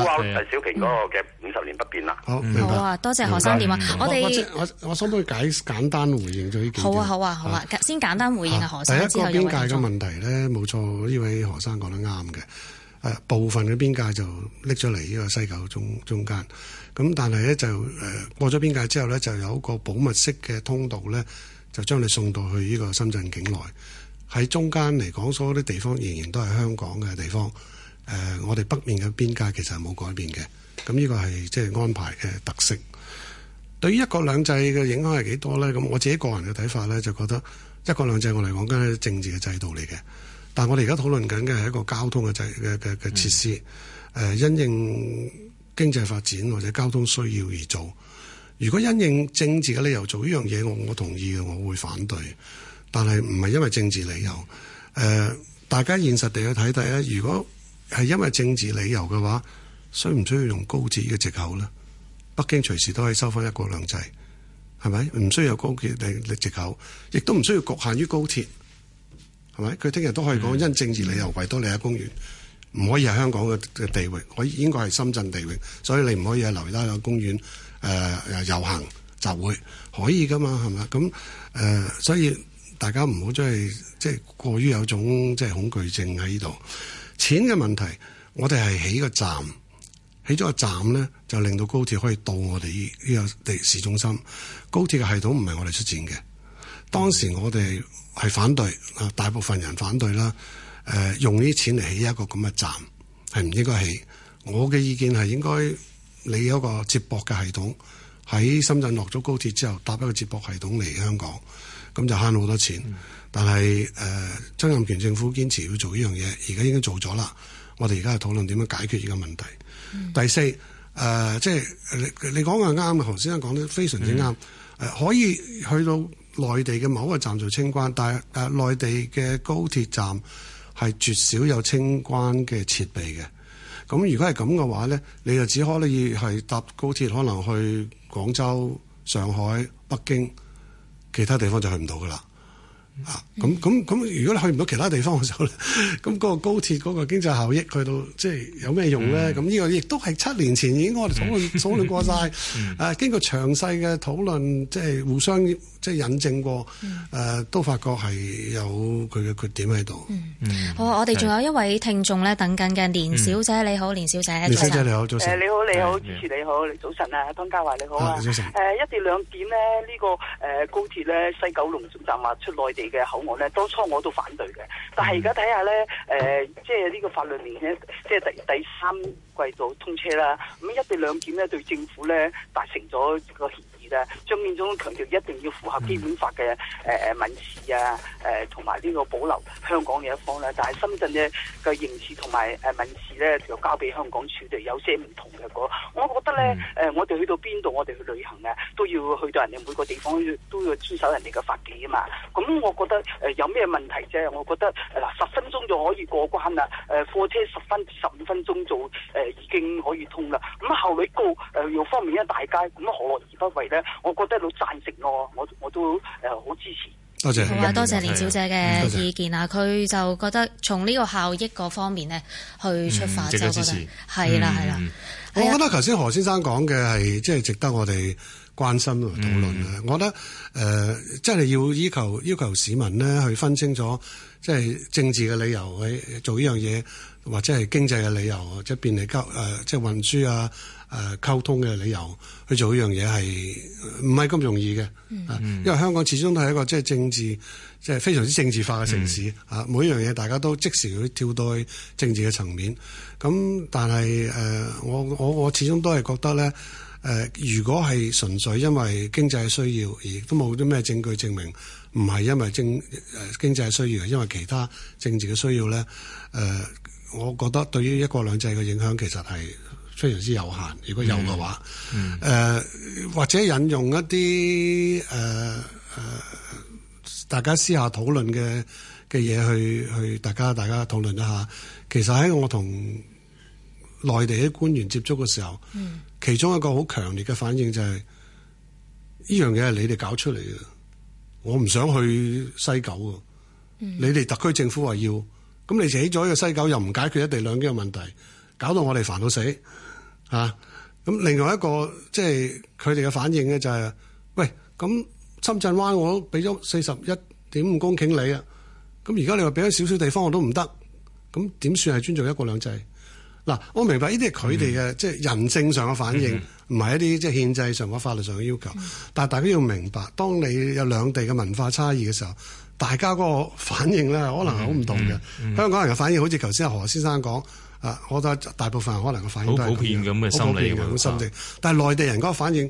小平嗰個嘅五十年不變啦。好，明白。多謝何生
電話。我哋我我相當解簡單回應咗呢幾件事好啊！好啊！好啊！
先簡單回應啊，何生。第一個邊界嘅問
題咧，冇錯，呢位何生講得啱嘅。啊、部分嘅邊界就拎咗嚟呢個西九中中間，咁但係呢，就誒、呃、過咗邊界之後呢，就有一個保密式嘅通道呢，就將你送到去呢個深圳境內。喺中間嚟講，所有啲地方仍然都係香港嘅地方。誒、呃，我哋北面嘅邊界其實係冇改變嘅。咁呢個係即係安排嘅特色。對於一國兩制嘅影響係幾多呢？咁我自己個人嘅睇法呢，就覺得一國兩制我嚟講，梗係政治嘅制度嚟嘅。但我哋而家討論緊嘅係一個交通嘅嘅嘅嘅設施，誒、嗯呃、因應經濟發展或者交通需要而做。如果因應政治嘅理由做呢樣嘢，我我同意嘅，我會反對。但係唔係因為政治理由，誒、呃、大家現實地去睇睇啊！如果係因為政治理由嘅話，需唔需要用高鐵嘅藉口咧？北京隨時都可以收翻一國兩制，係咪？唔需要有高鐵嘅藉口，亦都唔需要局限於高鐵。係咪？佢聽日都可以講，因政治理由，維多利亞公園唔可以係香港嘅嘅地域，可以應該係深圳地域，所以你唔可以喺流花公園誒誒、呃、遊行集會，可以㗎嘛？係咪？咁誒、呃，所以大家唔好真係即係過於有種即係、就是、恐懼症喺呢度。錢嘅問題，我哋係起個站，起咗個站咧，就令到高鐵可以到我哋呢依個地市中心。高鐵嘅系統唔係我哋出錢嘅。當時我哋係反對，大部分人反對啦。誒、呃，用呢啲錢嚟起一個咁嘅站係唔應該起。我嘅意見係應該你有個接駁嘅系統喺深圳落咗高鐵之後，搭一個接駁系統嚟香港，咁就慳好多錢。嗯、但係誒，曾蔭權政府堅持要做呢樣嘢，而家已經做咗啦。我哋而家係討論點樣解決呢個問題。嗯、第四誒、呃，即係你你講嘅啱嘅，何先生講得非常之啱。誒、嗯呃，可以去到。內地嘅某一個站做清關，但係誒內地嘅高鐵站係絕少有清關嘅設備嘅。咁如果係咁嘅話咧，你就只可以係搭高鐵可能去廣州、上海、北京，其他地方就去唔到噶啦。啊，咁咁咁，如果你去唔到其他地方嘅時候咧，咁嗰個高鐵嗰個經濟效益去到即係有咩用咧？咁呢個亦都係七年前已經我哋討論討論過晒，誒經過詳細嘅討論，即係互相即係引證過，誒都發覺係有佢嘅缺點喺度。好啊，我哋仲有
一位聽眾咧等緊嘅，連小姐你好，連小姐早晨。連小姐你好，早晨。你好，你
好，主持你好，早晨啊，湯家驊你好啊，早晨。一地兩檢呢，呢個誒高鐵呢，西九龍站啊，出內地。嘅口岸咧，當初我都反對嘅，但係而家睇下咧，誒，即係呢個法律年咧，即係第第三季度通車啦，咁一地兩檢咧對政府咧達成咗個。張建中強調一定要符合基本法嘅誒民事啊，誒同埋呢個保留香港嘅一方咧。但係深圳嘅嘅刑事同埋誒民事咧，就交俾香港處理，有些唔同嘅。我我覺得咧誒、嗯呃，我哋去到邊度，我哋去旅行啊，都要去到人哋每個地方都要遵守人哋嘅法紀啊嘛。咁我覺得誒有咩問題啫？我覺得嗱，十、呃呃、分鐘就可以過關啦。誒、呃、貨車十分十五分鐘就誒、呃、已經可以通啦。咁效率高，誒又、呃呃、方便一大街，咁何樂而不為咧？我覺得好贊成喎，
我我都誒好支持。多謝，好啊，多謝連小姐
嘅意見啊！佢謝就覺得從呢個效益嗰方面咧去出發，就覺、嗯、得係啦係啦。
我覺得頭先何先生講嘅係即係值得我哋關心同討論、嗯、我覺得誒真係要要求要求市民咧去分清楚，即、就、係、是、政治嘅理由去做呢樣嘢，或者係經濟嘅理由、就是呃就是、啊，即係便利交誒，即係運輸啊。誒溝通嘅理由去做一樣嘢係唔係咁容易嘅？嗯、因為香港始終都係一個即係、就是、政治，即、就、係、是、非常之政治化嘅城市。啊、嗯，每一樣嘢大家都即時去跳到政治嘅層面。咁但係誒、呃，我我我始終都係覺得呢，誒、呃、如果係純粹因為經濟嘅需要，而都冇啲咩證據證明唔係因為政誒經濟嘅需要，因為其他政治嘅需要呢。誒、呃，我覺得對於一國兩制嘅影響其實係非常之有限，如果有嘅話，誒、mm. mm. 呃、或者引用一啲誒誒大家私下討論嘅嘅嘢去去，去大家大家討論一下。其實喺我同內地嘅官員接觸嘅時候，mm. 其中一個好強烈嘅反應就係、是、呢、mm. 樣嘢係你哋搞出嚟嘅，我唔想去西九嘅。Mm. 你哋特區政府話要，咁你寫咗個西九又唔解決一地兩檢嘅問題，搞到我哋煩到死。啊！咁另外一個即係佢哋嘅反應咧，就係，就係喂，咁深圳灣我都俾咗四十一點五公頃你啊！咁而家你話俾咗少少地方我都唔得，咁點算係尊重一國兩制？嗱，啊，我明白呢啲係佢哋嘅即係人性上嘅反應，唔係，嗯、一啲即係憲制上或法律上嘅要求。嗯、但係大家要明白，當你有兩地嘅文化差異嘅時候，大家嗰個反應咧，可能係好唔同嘅。嗯嗯嗯，香港人嘅反應好似頭先何先生講。啊！我覺得大部分可能個反應都係好普遍咁嘅心理㗎嘛。但係內地人嗰個反應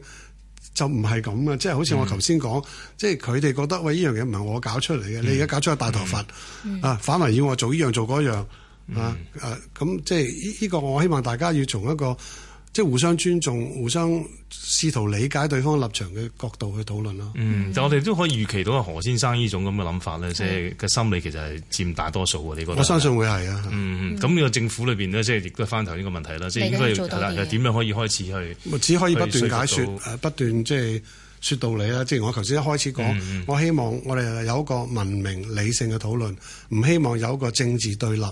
就唔係咁啊，即係好似我頭先講，即係佢哋覺得喂，呢樣嘢唔係我搞出嚟嘅，你而家搞出個大頭髮啊，反為要我做呢樣做嗰樣啊，咁即係呢個我希望大家要從一個。即係互相尊重、互相試圖理解對方立場嘅角度去討論咯。嗯，
但我哋都可以預期到阿何先生呢種咁嘅諗法咧，嗯、即係嘅心理其實係佔大多數嘅。你覺得我相信會係啊。嗯嗯，咁、嗯、個政府裏邊咧，即係亦都翻頭呢個問題啦，嗯、即係應該要啦，又點樣可以開始去？只可以不斷解説，
誒、嗯、不斷即係説道理啦。即係我頭先一開始講，嗯、我希望我哋有一個文明理性嘅討論，唔希望有一個政治對立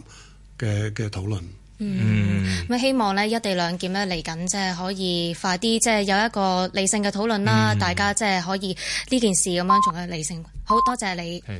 嘅嘅討論。
嗯，咁、嗯、希望咧一地兩檢咧嚟緊即係可以快啲，即係有一個理性嘅討論啦。嗯、大家即係可以呢件事咁樣從一個理性，好多謝，謝你。